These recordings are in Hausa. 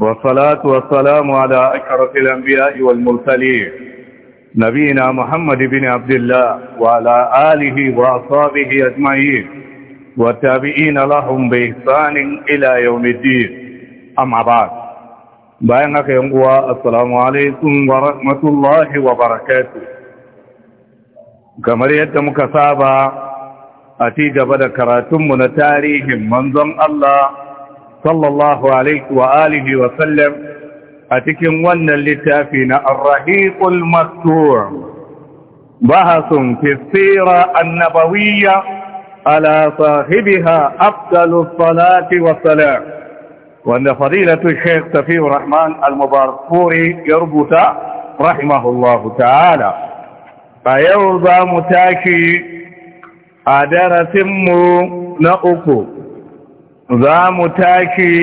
والصلاة والسلام على أشرف الأنبياء والمرسلين نبينا محمد بن عبد الله وعلى آله وأصحابه أجمعين والتابعين لهم بإحسان إلى يوم الدين أما بعد bayan haka yan uwa assalamu alaikum wa rahmatullahi wa barakatuh kamar yadda muka saba a ci gaba da karatunmu na tarihin manzon Allah صلى الله عليه وآله وسلم أتكن ونا لتافينا الرهيق المكتوع بحث في السيرة النبوية على صاحبها أفضل الصلاة والسلام وأن فضيلة الشيخ تفي الرحمن المباركوري يربط رحمه الله تعالى فيرضى متاشي أدرسمه نأكو za mu tashi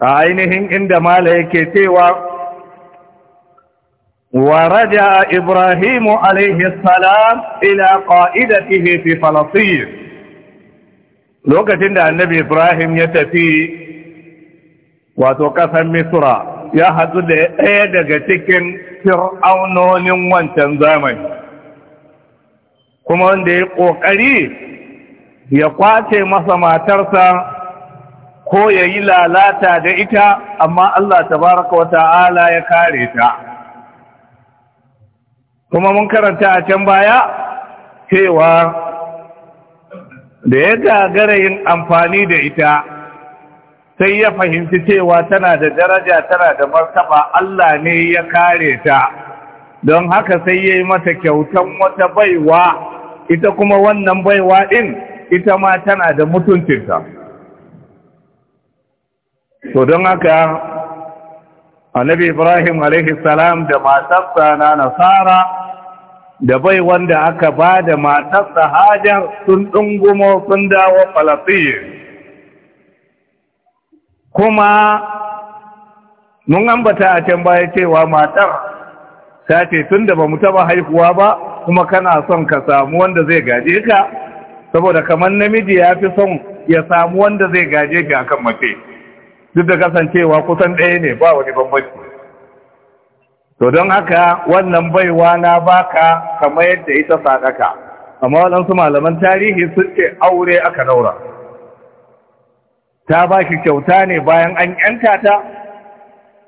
a ainihin inda mala yake cewa waraja ibrahimu alaihi salam ila ƙa'ida fi falasir lokacin da annabi ibrahim ya tafi wato ƙasar misra ya hadu da ɗaya daga cikin fir'aunonin wancan zamani kuma wanda ya ƙoƙari ya kwace masa matarsa ko ya yi lalata da ita amma Allah Ta tabaraka wa ta'ala ya kare ta kuma mun karanta a can baya cewa da ya gagara yin amfani da ita sai ya fahimci cewa tana da daraja tana da martaba Allah ne ya kare ta don haka sai ya yi mata kyautan wata baiwa ita kuma wannan baiwa ɗin ita ma tana da mutuncinta to don haka annabi ibrahim a.s. da matarsa na nasara da bai wanda aka ba da matarsa hajar sun ɗungumo sun dawo falasiyar kuma mun ambata a can baya cewa matar ta ce tun da ba mu taba haihuwa ba kuma kana son ka samu wanda zai gaje ka saboda kamar namiji ya fi son ya samu wanda zai gaje shi akan mace duk da kasancewa kusan ɗaya ne ba wani bambanci to don haka wannan baiwa na baka kamar yadda ita sadaka amma waɗansu malaman tarihi sun ce aure aka daura ta ba shi kyauta ne bayan an yanka ta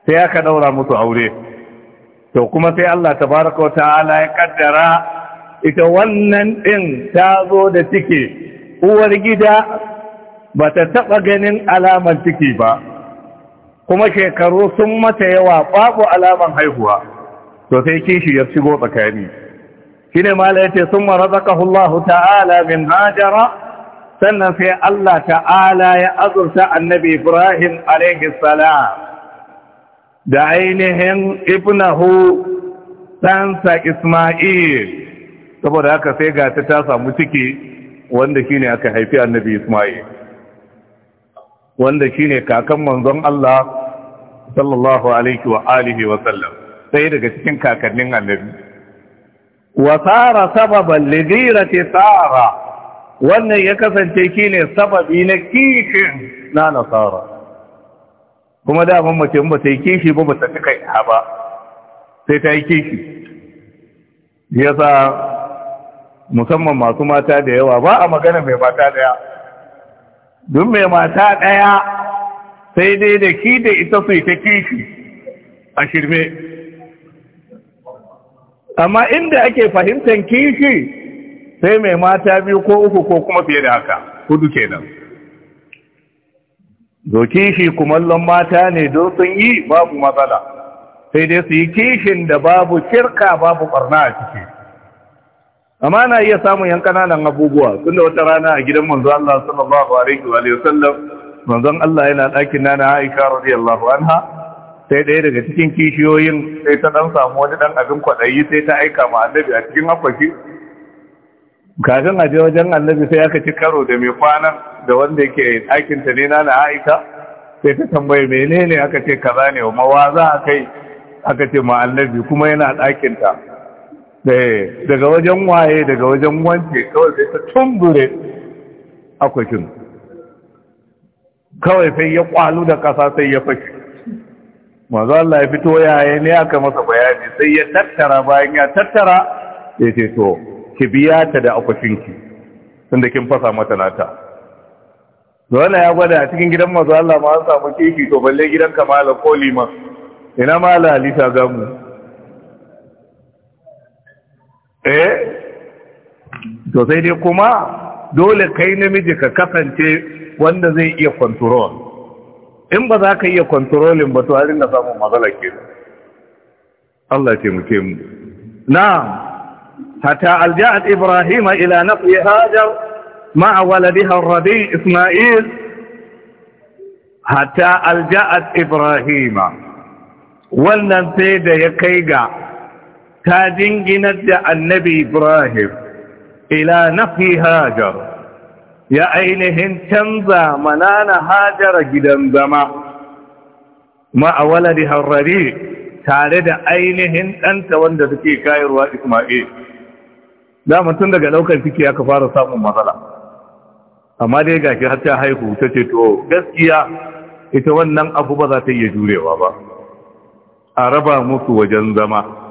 sai aka daura musu aure to kuma sai Allah tabaraka wa ta'ala ya kaddara ita wannan ɗin ta zo da ciki uwar gida ba ta taɓa ganin alamar ciki ba kuma shekaru sun mata yawa babu alamar haihuwa to sai kishi ya shigo tsakani shi ne yace ya ce sun ta'ala min hajara sannan sai Allah ta'ala ya azurta annabi Ibrahim alaihi salam da ainihin ibnahu ɗansa Ismail saboda haka sai ga ta ta samu ciki wanda shine aka haifi annabi Isma'il wanda shine kakan manzon Allah sallallahu alaihi wa alihi wa sallam sai daga cikin kakannin annabi wa sara sababan lidirati sara wannan ya kasance shine sababi na kishin na nasara kuma da mun mace ba ta yi kishi ba ba ta ha ba sai ta yi kishi yasa musamman masu mata da yawa ba a magana mai mata daya don mai mata daya sai dai da ki da ita su ta kishi a shirme amma inda ake fahimtar kishi sai mai mata biyu ko uku ko kuma fiye da haka hudu kenan zo kishi kumallon mata ne don sun yi babu matsala sai dai su yi kishin da babu shirka babu barna a ciki amma na iya samun yan kananan abubuwa tun da wata rana a gidan manzo Allah sallallahu alaihi wa sallam manzon Allah yana ɗakin nana Aisha radiyallahu anha sai ɗaya daga cikin kishiyoyin sai ta dan samu wani dan abin kwadayi sai ta aika ma annabi a cikin akwashi kafin a je wajen annabi sai aka ci karo da mai kwanan da wanda yake aikin ta ne nana Aisha sai ta tambaye menene aka ce kaza ne wa mawaza kai aka ce ma annabi kuma yana ɗakinta. ta Eh, daga wajen waye daga wajen wance kawai sai ta tumbure akwakin kawai sai ya kwalu da kasa sai ya fashe mazu Allah ya fito yaya ne aka masa bayani sai ya tattara bayan ya tattara ya ce to ki biya ta da akwatinki tunda kin fasa mata nata zuwa ya gwada a cikin gidan mazu Allah ma an samu kifi to balle gidan kamala ko liman ina mala halisa gamu eh to sai dai kuma dole kai namiji ka kasance wanda zai iya control in ba za ka iya controlin ba to harin da samun matsala ke Allah ce muke mu na hatta alja'at ibrahim ila nafi hajar ma'a waladiha rabi isma'il hatta alja'at ibrahim wannan sai da ya kai ga ta jinginar da annabi Ibrahim ila nafi hajar ya ainihin canza manana hajara gidan zama ma'awala da harari tare da ainihin ɗanta wanda suke kayarwa Ismail. Da mutum daga ɗaukar ciki aka fara samun matsala. Amma dai ga har ta haihu ta ce to gaskiya ita wannan abu ba za ta iya jurewa ba. A raba musu wajen zama.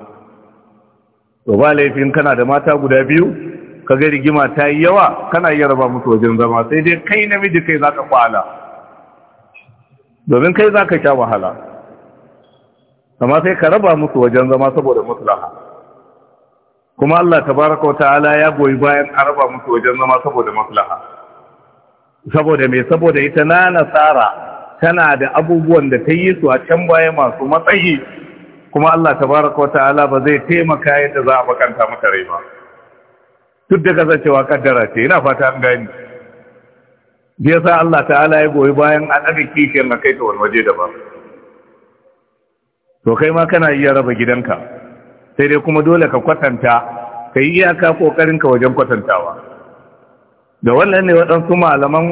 to ba laifin kana da mata guda biyu ka ga rigima ta yi yawa kana iya raba musu wajen zama sai dai kai namiji kai za ka kwala domin kai za ka sha wahala amma sai ka raba musu wajen zama saboda maslaha kuma Allah tabaraka wa ta'ala ya goyi bayan a raba musu wajen zama saboda maslaha saboda me saboda ita na nasara tana da abubuwan da ta yi su a can baya masu matsayi kuma Allah tabaraka wata'ala ba zai taimaka yadda za a bakanta maka rai ba duk da kasancewa kaddara ce ina fata an gani ya sa Allah ta'ala ya goyi bayan an ɗaga kishiyar na kai ta wani waje daban to kai ma kana iya raba gidanka sai dai kuma dole ka kwatanta ka yi iyaka ƙoƙarinka wajen kwatantawa da wannan ne waɗansu malaman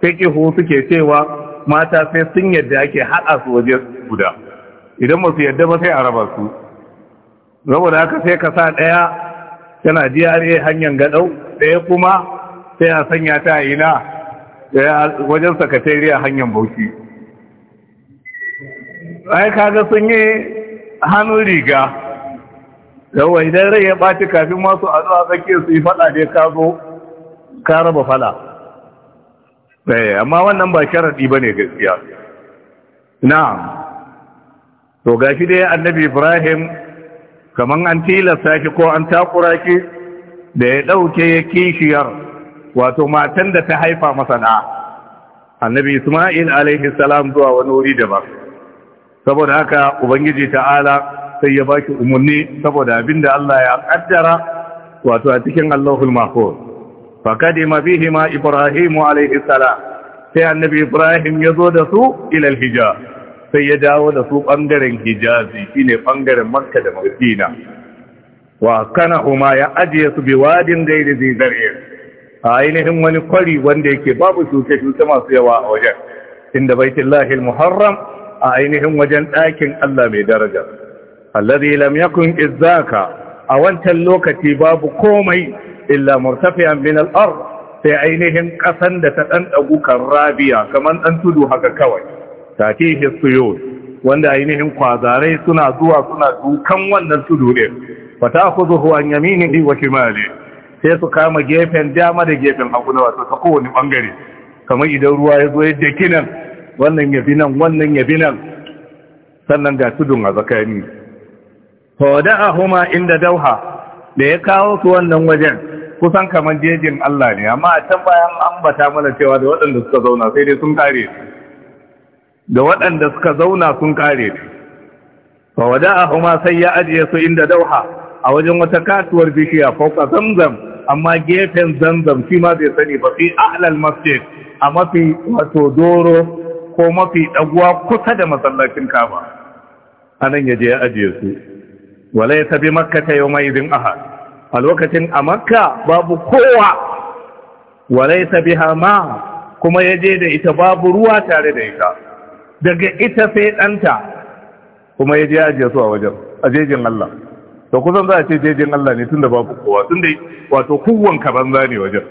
fiƙihu suke cewa mata sai sun yadda ake haɗa su waje guda idan ba su yadda ba sai a raba su saboda haka sai ka sa ɗaya tana GRA hanyar gadau ɗaya kuma sai a sanya ta na wajen sakatariya hanyar bauchi ai kaga sun yi hannun riga yawa idan rai ya ɓaci kafin masu a zuwa tsakiyar su yi faɗa dai ka zo ka raba faɗa eh, amma wannan ba sharaɗi ba ne gaskiya na'am to gashi dai annabi ibrahim kaman an tilasta shi ko an takura shi da ya ɗauke ya kishiyar wato matan da ta haifa masa annabi isma'il alaihi salam zuwa wani wuri daban saboda haka ubangiji ta'ala sai ya baki umarni saboda abinda Allah ya kaddara wato a cikin Allahul ma bihi ma ibrahim alaihi salam sai annabi ibrahim ya zo da su ilal al sai ya dawo da su ɓangaren hijazi shine ɓangaren makka da madina wa kana huma ya ajiye su bi wadin gairi zai a ainihin wani kwari wanda yake babu shuke-shuke masu yawa a wajen inda baitullahi muharram a ainihin wajen ɗakin Allah mai daraja allazi lam yakun izaka a wancan lokaci babu komai illa murtafiyan min al-ard sai ainihin ƙasan da ta ɗan ɗagu kan rabiya kamar ɗan tudu haka kawai take hissiyo wanda ainihin kwazarai suna zuwa suna dukan wannan tudu ne fa ta'khudhu an yaminihi wa shimali sai su kama gefen dama da gefen hagu na wato ta kowane bangare kamar idan ruwa ya zo yadda nan wannan ya bi nan wannan ya bi nan sannan ga tudun a zakani fa ahuma inda dauha da ya kawo su wannan wajen kusan kamar jejin Allah ne amma a can bayan ambata mana cewa da waɗanda suka zauna sai dai sun kare da waɗanda suka zauna sun kare fa ahuma sai ya ajiye su inda dauha a wajen wata katuwar bishiya fauka zamzam amma gefen zamzam shi ma zai sani ba fi ahlal masjid a mafi wato doro ko mafi ɗaguwa kusa da masallacin kaba anan ya je ya ajiye su wala ya tabi makka ta yau mai izin ahad a lokacin a makka babu kowa wala ya tabi hama kuma ya je da ita babu ruwa tare da ita daga ita sai ɗanta kuma ya je ajiye su a wajen a jejin Allah to kusan za a ce jejin Allah ne tunda babu kowa Tun da wato kuwan ka banza ne wajen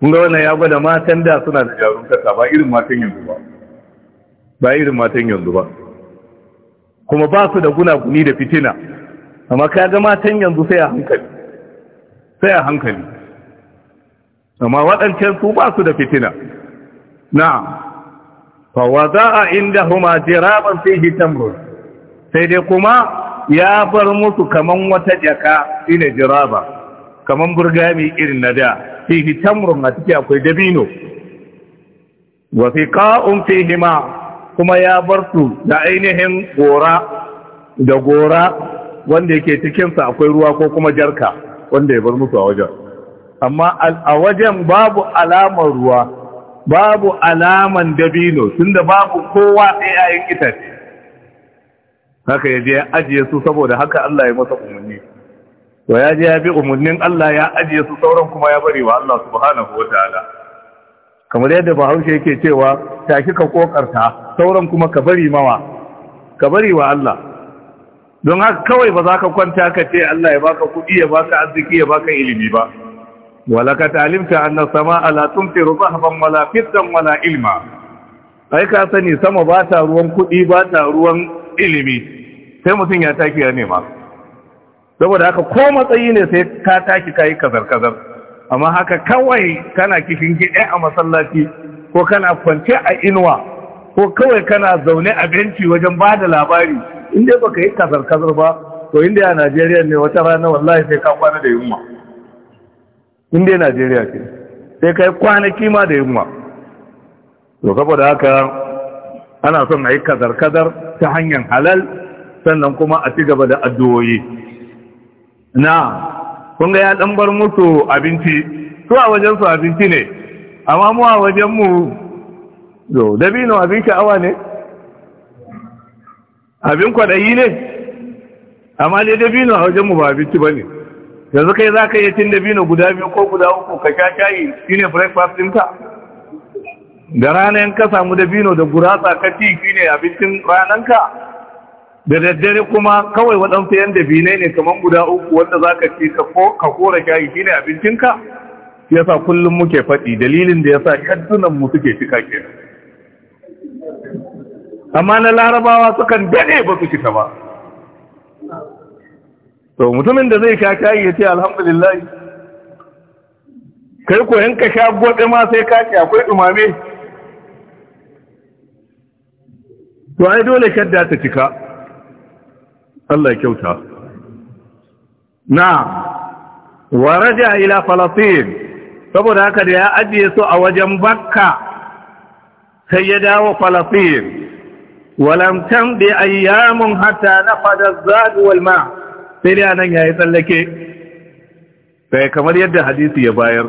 kun ga wannan ya gwada matan da suna da kasa. ba irin matan yanzu ba ba irin matan yanzu ba kuma ba su da gunaguni da fitina amma ka ga matan yanzu sai a hankali sai a hankali amma waɗancan su ba su da fitina na'am za a inda huma jiraban fi hitamrun sai dai kuma ya bar musu kaman wata jaka ina jiraba kaman burgami irin na da fi hitamrun a cikin akwai dabino wafi ka'un fi hima kuma ya bar su da ainihin gora da gora wanda yake cikinsa akwai ruwa ko kuma jarka wanda ya bar musu a wajen amma a wajen babu alamar ruwa babu alaman dabino tunda babu kowa sai yayin itace haka yaje ya ajiye su saboda haka Allah ya masa umarni to ya je ya bi umarnin Allah ya ajiye su sauran kuma ya bari wa Allah subhanahu wataala kamar yadda Bahaushe yake cewa tashi ka kokarta sauran kuma ka bari mawa ka bari wa Allah don haka kawai ba za ka kwanta ka ce Allah ya baka kuɗi ya baka arziki ya baka ilimi ba walaka alimta anna sama'a la tumtiru zahban wala fiddan wala ilma ai ka sani sama ba ta ruwan kuɗi ba ta ruwan ilimi sai mutum ya taki ya nema saboda haka ko matsayi ne sai ka taki kayi kazar kazar amma haka kawai kana kishin gida a masallaci ko kana kwance a inuwa ko kawai kana zaune a benci wajen bada da labari inda baka yi kazar kazar ba to inda a Najeriya ne wata rana wallahi sai ka kwana da yunwa inda najeriya ce sai kai kwanaki ma da yunwa to saboda haka ana son a yi kazar-kazar ta hanyar halal sannan kuma a ci gaba da addu'o'i na kun ga ya dan bar musu abinci su a wajen su abinci ne amma mu a wajen mu to dabino abin sha'awa ne abin kwaɗayi ne amma dai dabino a wajen mu ba abinci ba ne yanzu kai za ka iya cin dabino guda biyu ko guda uku ka sha shayi shi ne breakfast ɗinka da ranar ka samu dabino da gurasa ka ci shi ne abincin rananka da daddare kuma kawai waɗansu yan dabinai ne kamar guda uku wanda za ka ci ka kora shayi shi ne abincinka ya sa kullum muke faɗi dalilin da ya sa mu suke cika amma na larabawa sukan dade ba su cika ba to mutumin da zai sha shayi ya ce alhamdulillah kai ko ka sha gode ma sai ka ci akwai dumame to ai dole shadda ta cika Allah ya kyauta na waraja ila falatin saboda haka da ya ajiye su a wajen bakka sai ya dawo falatin walam bi ayyamun hatta nafada zadu ma' sai dai anan yayi tsallake sai kamar yadda hadisi ya bayar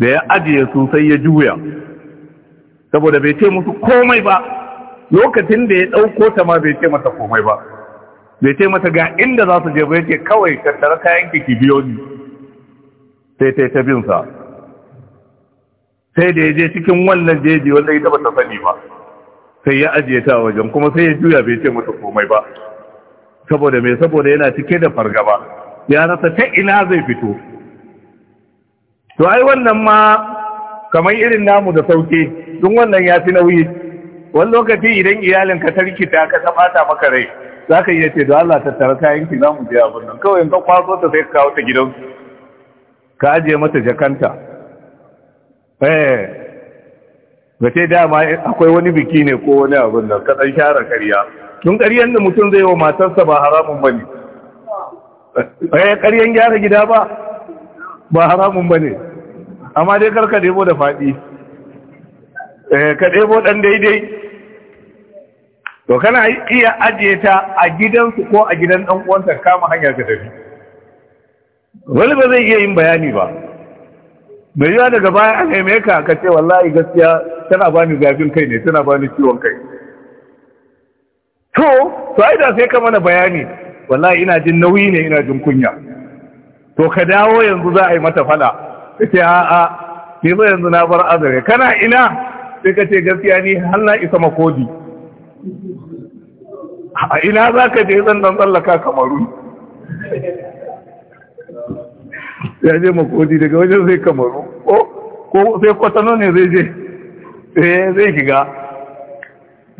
da ya ajiye su sai ya juya saboda bai ce musu komai ba lokacin da ya ɗauko ta ma bai ce mata komai ba bai ce mata ga inda za su je ba yake kawai tattara kayan kiki biyo ni sai ta ta bin sai da ya je cikin wannan jeji wanda ita bata sani ba sai ya ajiye ta wajen kuma sai ya juya bai ce mata komai ba saboda mai saboda yana cike da fargaba ya rasa ta ina zai fito to ai wannan ma kamar irin namu da sauke tun wannan ya fi nauyi wani lokaci idan iyalin ka tarkita ka ta fata maka rai za ka iya ce da Allah tattara kayan ki za mu je abin kawai in ka kwaso ta sai ka kawo ta gidan ka ajiye mata jakanta eh ga ce dama akwai wani biki ne ko wani abin nan ka dan share karya tun ƙaryen da mutum zai wa matarsa ba haramun ba ne eh, ƙaryen gyara gida ba ba haramun ba ne amma dai karka ɗebo da faɗi eh, ka ɗebo ɗan daidai to kana iya ajiye ta a gidansu ko a gidan ɗan uwanta kama hanya ka tafi wani ba zai iya yin bayani ba mai yiwa daga baya an haime ka ka ce wallahi gaskiya tana bani zafin kai ne tana bani ciwon kai to to ai da sai ka mana bayani wallahi ina jin nauyi ne ina jin kunya to ka dawo yanzu za a yi mata fada sai a a ni ba yanzu na bar azare kana ina sai ka ce gaskiya ni har na isa makodi a ina za ka je zan dan tsallaka kamaru ya je makodi daga wajen zai kamaru ko sai kwatano ne zai je eh, zai shiga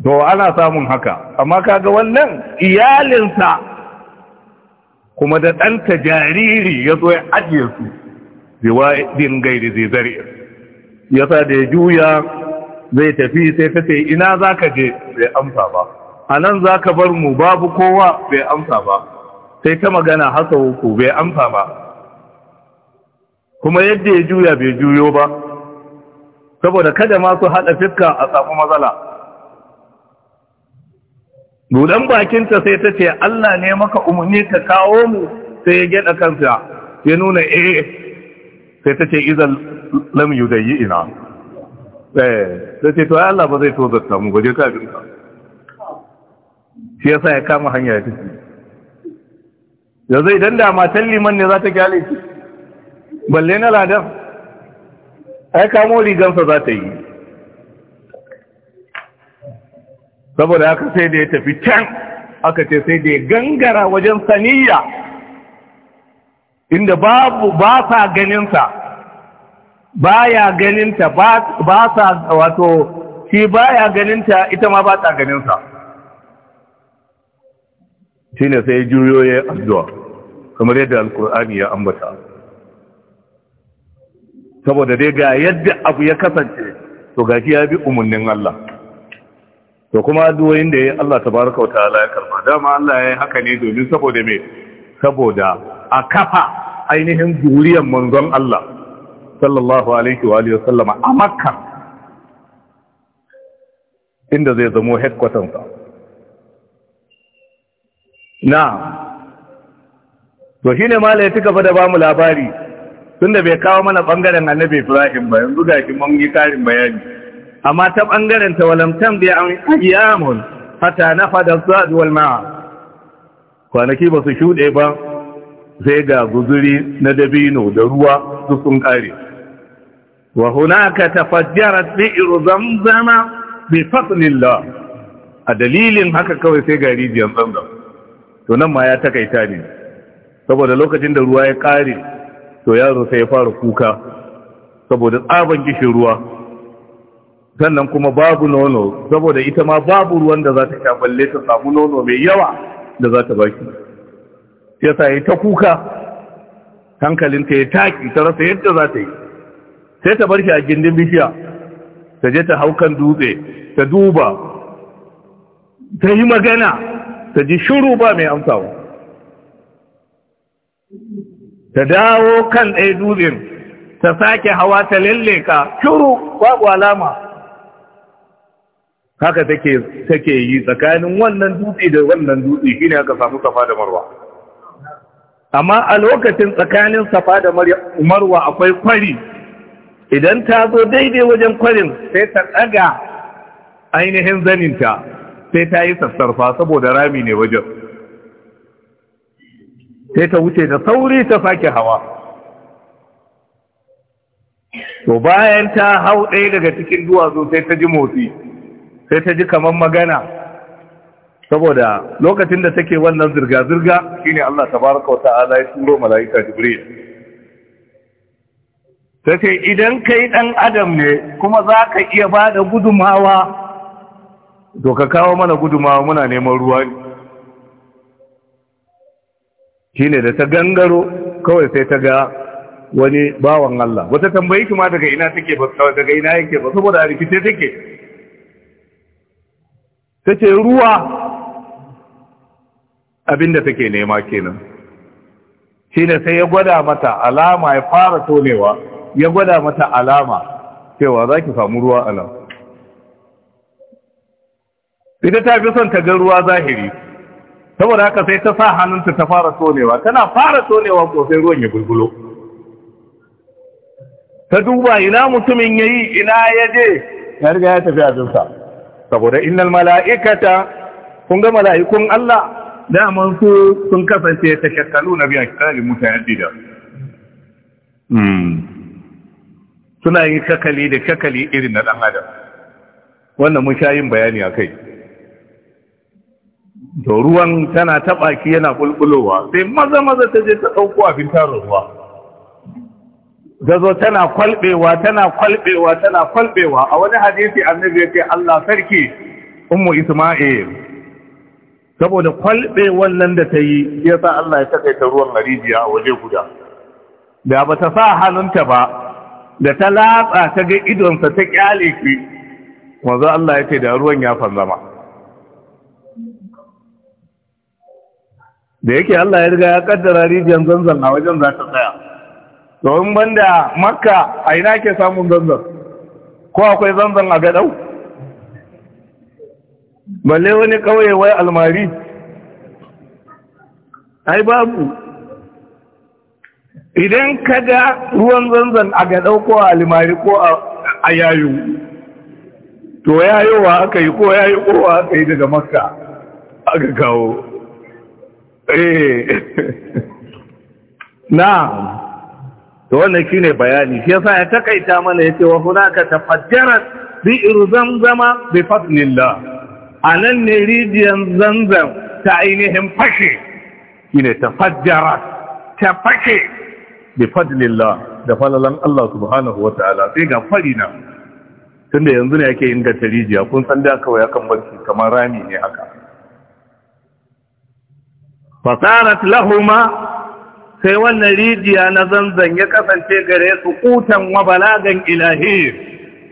to ana samun haka amma kaga wannan iyalinsa kuma da ɗanta jariri ya zo ya ajiye su biwaɗin gairi zai zari sa da ya juya zai tafi sai ta ce ina za ka je bai amsa ba a nan za ka bar mu babu kowa bai amsa ba sai ta magana haka uku bai amsa ba kuma yadda ya juya bai juyo ba saboda kada masu haɗa fiska a samu matsala budan bakinta sai ta ce Allah ne maka umarni ka kawo mu sai ya gyada kansa ya nuna eh sai ta ce izal da yi ina eh sai ce to Allah ba zai to zata mu ba ka binka shi sa ya kama hanya ya tafi yanzu idan da matan liman ne za ta gyale shi balle na ladan ai kamo rigansa za ta yi saboda haka sai da ya tafi can aka ce sai da ya gangara wajen saniya inda babu ba sa ganinsa ba ya ganinta ba sa wato shi ba ya ganinta ita ma ba sa ganinsa shi ne sai juyo ya yi addu'a kamar yadda alkur'ani ya ambata saboda dai ga yadda abu ya kasance to gashi ya bi umarnin Allah to kuma addu'o'in da yayi Allah tabaaraka wataala ya karba dama Allah yi haka ne domin saboda me saboda a kafa ainihin zuriyar manzon Allah sallallahu alaihi wa alihi wasallama a Makka inda zai zamo headquarters na to shine malai ya tuka da bamu labari tunda bai kawo mana bangaren Annabi Ibrahim ba yanzu ga shi mun yi karin bayani amma ta ɓangaren ta walamtan biya an ayyamun hata na fadar zaɗuwal ma'a kwanaki ba su shuɗe ba sai ga guzuri na dabino da ruwa su sun ƙare wa hunaka tafajjarat bi'ru zamzama bi fadlillah a dalilin haka kawai sai ga rijiyar zamzam to nan ma ya takaita ne saboda lokacin da ruwa ya ƙare to yaro sai ya fara kuka saboda tsaban kishin ruwa sannan kuma babu nono saboda ita ma babu ruwan da za ta sha balle ta samu nono mai yawa da za ta baki yasa yi ta kuka hankalin ta ya taki, ta rasa yadda za ta yi sai ta bar shi a gindin bishiya ta je ta hau kan dutse ta duba ta yi magana ta ji shiru ba mai amsawa ta dawo kan ɗaya dutsen ta sake hawa ta lalleka shiru babu alama haka take take yi tsakanin wannan dutse da wannan dutse shine aka samu safa da marwa amma a lokacin tsakanin safa da marwa akwai kwari idan ta zo daidai wajen kwarin sai ta daga ainihin zaninta sai ta yi sassarfa saboda rami ne wajen sai ta wuce da sauri ta sake hawa to bayan ta hau ɗaya daga cikin duwatsu sai ta ji motsi sai ta ji kamar magana saboda lokacin da take wannan zirga-zirga shine Allah tabaraka wata'ala ya turo mala'ika jibril ta ce idan kai dan adam ne kuma za ka iya ba da gudumawa to ka kawo mana gudumawa muna neman ruwa ne shine da ta gangaro kawai sai ta ga wani bawan Allah wata tambayi kuma daga ina take ba daga ina yake ba saboda a rikice take tace ruwa abinda take nema kenan shi ne sai ya gwada mata alama ya fara tonewa ya gwada mata alama cewa za ki samu ruwa alam ita ta fi son ta ga ruwa zahiri saboda haka sai ta sa hannunta ta fara tonewa tana fara tonewa ko sai ruwan ya bulbulo ta duba ina mutumin yayi ina ya je ya riga ya tafi abinsa saboda innal mala'ikata kun ga mala'ikun Allah daman su sun kasance ta shakkalu na biya mutanen mutane hmm. suna yin shakali da shakali irin na ɗan adam wannan mun sha bayani a kai da ruwan tana taɓa yana bulbulowa sai maza maza ta je ta ɗauko abin tarin ruwa da zo tana kwalbewa tana kwalbewa tana kwalbewa a wani hadisi annabi ya ce Allah sarki ummu isma'il saboda kwalbewan nan da ta yi ya sa Allah ya ta ruwan harijiya a waje guda da ba ta sa hannunta ba da ta latsa ta ga idonsa ta kyale ki wanzu Allah ya ce da ruwan ya fanzama da yake Allah ya riga ya kaddara rijiyar zanzan a wajen za ta tsaya domin banda makka a ina ke samun zanzan ko akwai zanzan a gadau balle wani kawai wai almari ai babu idan ka ga ruwan zanzan a gadau ko a almari ko a yayu to yayowa aka yi ko yayowa aka yi daga makka aka kawo eh na to wannan shine bayani shi yasa ya takaita mana ya ce wa hunaka tafajjarat irzam zama bi fadlillah anan ne rijiyan zanzam ta ainihin fashe shine tafajjarat ta fashe bi fadlillah da falalan Allah subhanahu wataala sai ga fari na tunda yanzu ne yake inganta rijiya kun san da kawai akan barci kamar rami ne haka fasarat lahuma sai wannan rijiya na zanzan ya kasance gare su kutan wa balagan ilahi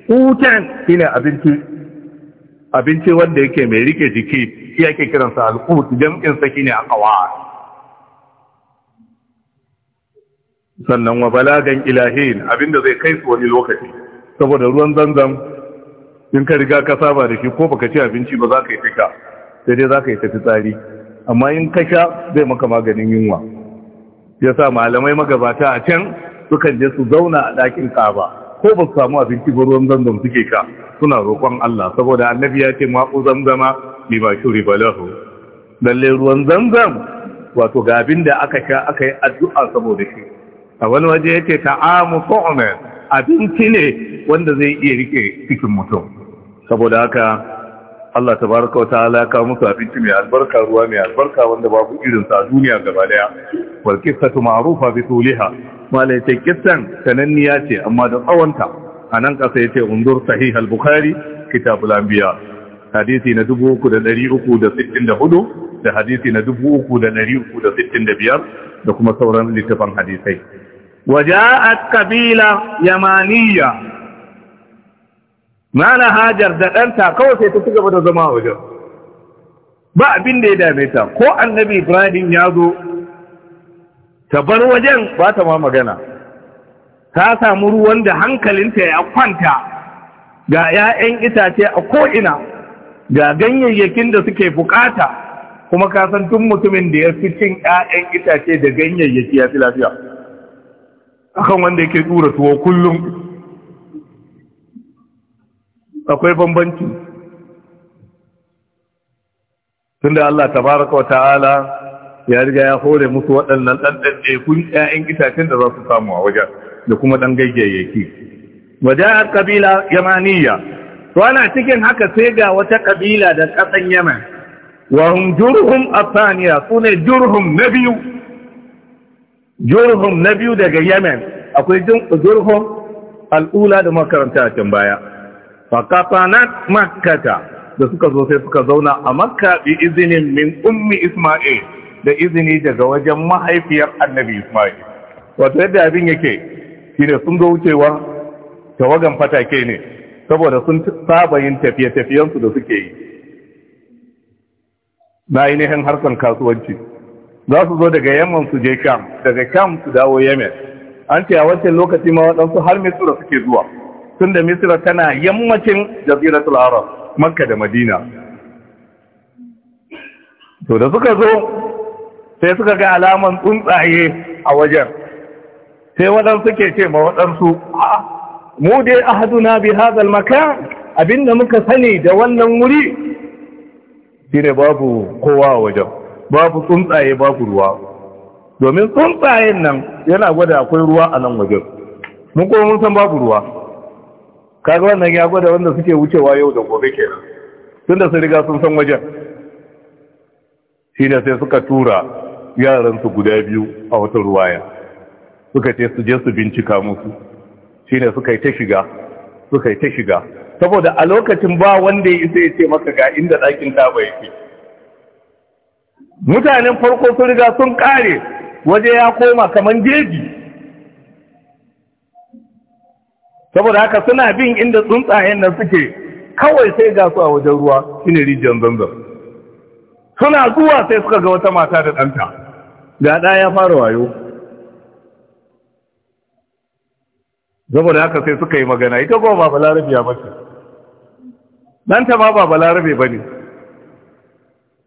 kutan shine abinci abinci wanda yake mai rike jiki shi yake kiransa alqut jam'in sa a kawa sannan wa balagan ilahi abinda zai kai su wani lokaci saboda ruwan zanzan in ka riga ka saba da shi ko baka ci abinci ba za ka yi fika sai dai za ka yi tafi tsari amma in ka sha zai maka maganin yunwa ya sa malamai magabata a can sukan je su zauna a ɗakin kaba ko ba su samu abinci ba ruwan zamzam suke ka suna roƙon Allah saboda annabi ya ce ku zamzama bi ba shuri balahu lalle ruwan zamzam wato ga abin da aka sha aka yi addu'a saboda shi a wani waje ya ce ta'amu abinci ne wanda zai iya rike cikin mutum saboda haka Allah tabaraka wataala ya kawo musu abinci mai albarka ruwa mai albarka wanda babu irin sa duniya gaba daya wal qissatu ma'rufa bi tuliha mala yace kissan sananniya ce amma da tsawonta anan kasa yace undur sahih al-bukhari kitabul anbiya hadisi na 3364 da hadisi na 3365 da kuma sauran littafan hadisai waja'at kabila yamaniyya mana hajar da ɗanta kawai sai ta ci gaba da zama a wajen ba abin da ya dame ta ko annabi ibrahim ya zo ta bar wajen ba ta ma magana ta samu ruwan da hankalinta ya kwanta ga 'ya'yan itace a ko'ina ga ganyayyakin da suke bukata kuma kasan tun mutumin da ya fi cin 'ya'yan itace da ganyayyaki ya fi lafiya akan wanda yake tura tuwo kullum akwai bambanci tunda Allah tabaraka wa ta'ala ya riga ya hore musu waɗannan ɗanɗanɗe kun ƴaƴan itacen da za su samu a wajen da kuma ɗan gaggayyaki wajen ƙabila yamaniya to ana cikin haka sai ga wata ƙabila da ƙasan yaman wa hum jurhum asaniya su ne jurhum na biyu jurhum na biyu daga yaman akwai jurhum al'ula da makaranta a can baya فقطنت مكة da suka zo sai suka zauna a makka bi izinin min ummi isma'il da izini daga wajen mahaifiyar annabi isma'il wato yadda abin yake shine sun ga wucewa tawagan fatake ne saboda sun saba yin tafiye-tafiyensu da suke yi na ainihin harkar kasuwanci za su zo daga yamman su je kam daga kam su dawo yemen an ce a wancan lokaci ma waɗansu har da suke zuwa tun da misira tana yammacin jaziratul arab makka da madina to da suka zo sai suka ga alaman tsuntsaye a wajen sai waɗansu ke ce ma waɗansu mu dai ahaduna bi hadal makan abinda muka sani da wannan wuri shine babu kowa a wajen babu tsuntsaye babu ruwa domin tsuntsayen nan yana gwada akwai ruwa a nan wajen mun kuma mun san babu ruwa kaga wannan ya gwada wanda suke wucewa yau da gobe kenan tunda sun riga sun san wajen shine sai suka tura yaran su guda biyu a wata ruwaya suka ce su je su bincika musu shine suka yi ta shiga suka yi ta shiga saboda a lokacin ba wanda ya isa ya ce maka ga inda ɗakin taba yake mutanen farko sun riga sun kare waje ya koma kaman jeji saboda haka suna bin inda tsuntsayen nan suke kawai sai ga su a wajen ruwa shine rijiyar zanzan suna zuwa sai suka ga wata mata da ɗanta ga ɗa ya fara wayo saboda haka sai suka yi magana ita kuma ba balarabe ya mace. ɗanta ma ba balarabe ba ne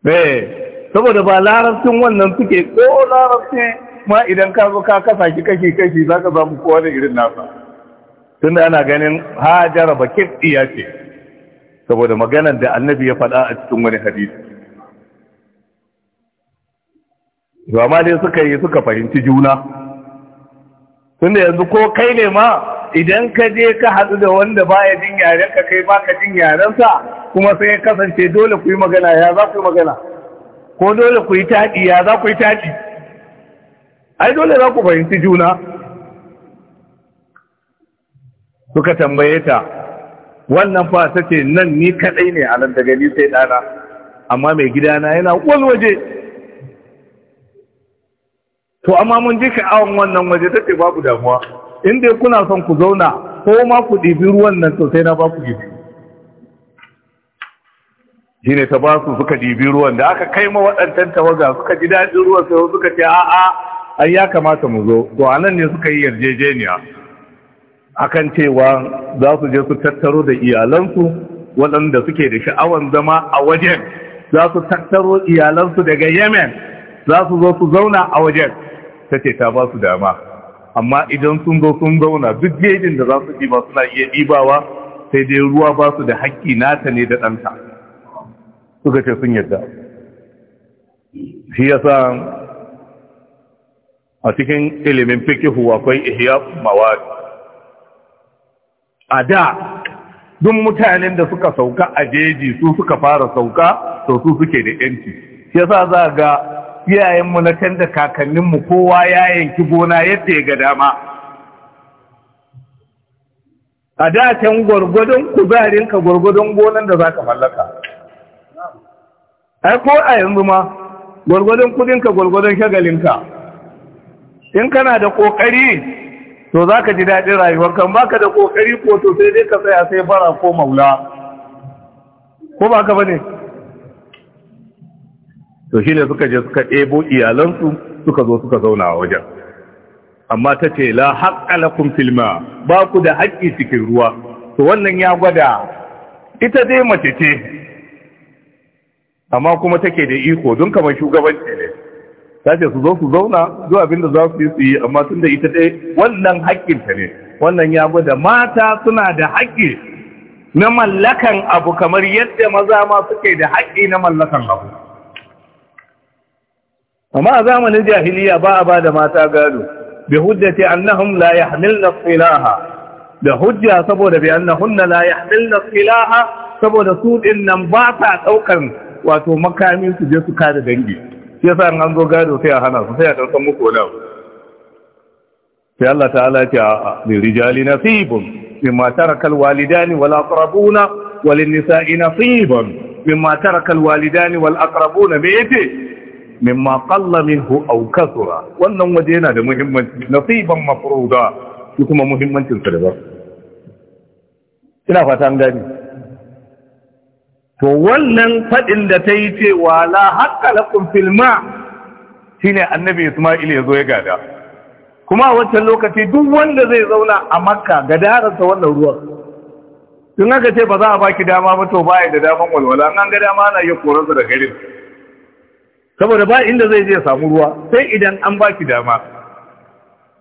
eh saboda ba larabcin wannan suke ko larabci ma idan ka zo ka kasa shi kashi kashi za ka samu kowa da irin nasa tunda ana ganin hajara bakin ɗiya ce saboda maganar da annabi ya faɗa a cikin wani hadisi Zama dai suka yi suka fahimci juna tunda yanzu ko kai ne ma idan ka je ka haɗu da wanda baya jin yaren ka kai baka jin yarensa kuma sai ya kasance dole ku yi magana ya za ku yi magana ko dole ku yi taɗi ya za ku yi taɗi ai dole za ku fahimci juna suka tambaye ta wannan fa ta ce nan ni kadai ne a nan daga ni sai ɗana amma mai gidana yana waje. to amma mun ji ka awon wannan waje ta ce babu damuwa inda dai kuna son ku zauna ko ma ku ɗibi ruwan nan to sai na ba ku ɗibi shi ne ta ba su suka ɗibi ruwan da aka kai ma waɗancan tawaga suka ji daɗin ruwan sai suka ce a'a an ya kamata mu zo to a nan ne suka yi yarjejeniya akan cewa za su je su tattaro da iyalansu waɗanda suke da sha'awan zama a wajen za su tattaro iyalansu daga yemen za su zo su zauna a wajen ta ce ta ba su dama amma idan sun zo sun zauna duk jejin da za su ɗiba suna iya ɗibawa sai dai ruwa ba su da haƙƙi nata ne da ɗanta suka ce sun yadda shi yasa a cikin ilimin fikihu akwai ihya mawadi a da duk mutanen da suka sauka a jeji su suka fara sauka to su suke da yanci yasa za ga iyayenmu na can da kakanninmu kowa ya yanki gona yadda ya ga dama a da can gwargwadon kuzarinka gwargwadon gonan da za ka mallaka ai ko a yanzu ma gwargwadon kudinka gwargwadon ka in kana da ƙoƙari to za ka ji daɗin rayuwar kan baka da ƙoƙari ko to sai dai ka tsaya sai fara ko maula ko ba ka bane to shi ne suka je suka ɗebo iyalansu suka zo suka zauna a wajen amma ta ce la haƙƙa lakum filma ba ku da haƙƙi cikin ruwa to wannan ya gwada ita dai mace ce amma kuma take da iko don kamar shugabanci ne ta ce su zo su zauna zuwa abin da za su yi su yi amma tun da ita dai wannan haƙƙin ta ne wannan ya gwada mata suna da haƙƙi na mallakan abu kamar yadda maza ma suke da haƙƙi na mallakan abu amma a zamanin jahiliya ba a ba da mata gado bi hujjati annahum la yahmilna silaha da hujja saboda bi annahunna la yahmilna silaha saboda su din nan ba ta ɗaukan wato makami su je su kada dangi ya sa an zo gado sai a hana su sai a ɗaukan muku wani abu sai Allah ta'ala ce a mai na tsibin min matar kalwalidani wal akrabuna walin nisa'i na tsibin min matar kalwalidani wal akrabuna me yake min ma kalla min aw kasura wannan waje yana da muhimmanci nasiban mafruda su kuma muhimmancin da ba ina fata an gani to wannan faɗin da ta yi cewa la haƙƙa laƙun filma shi ne annabi Ismail ya zo ya gada kuma a wancan lokaci duk wanda zai zauna a makka ga darasa wannan ruwan tun haka ce ba za a baki dama ba to baya da daman walwala an ga dama ana iya koransa da garin saboda ba inda zai je samu ruwa sai idan an baki dama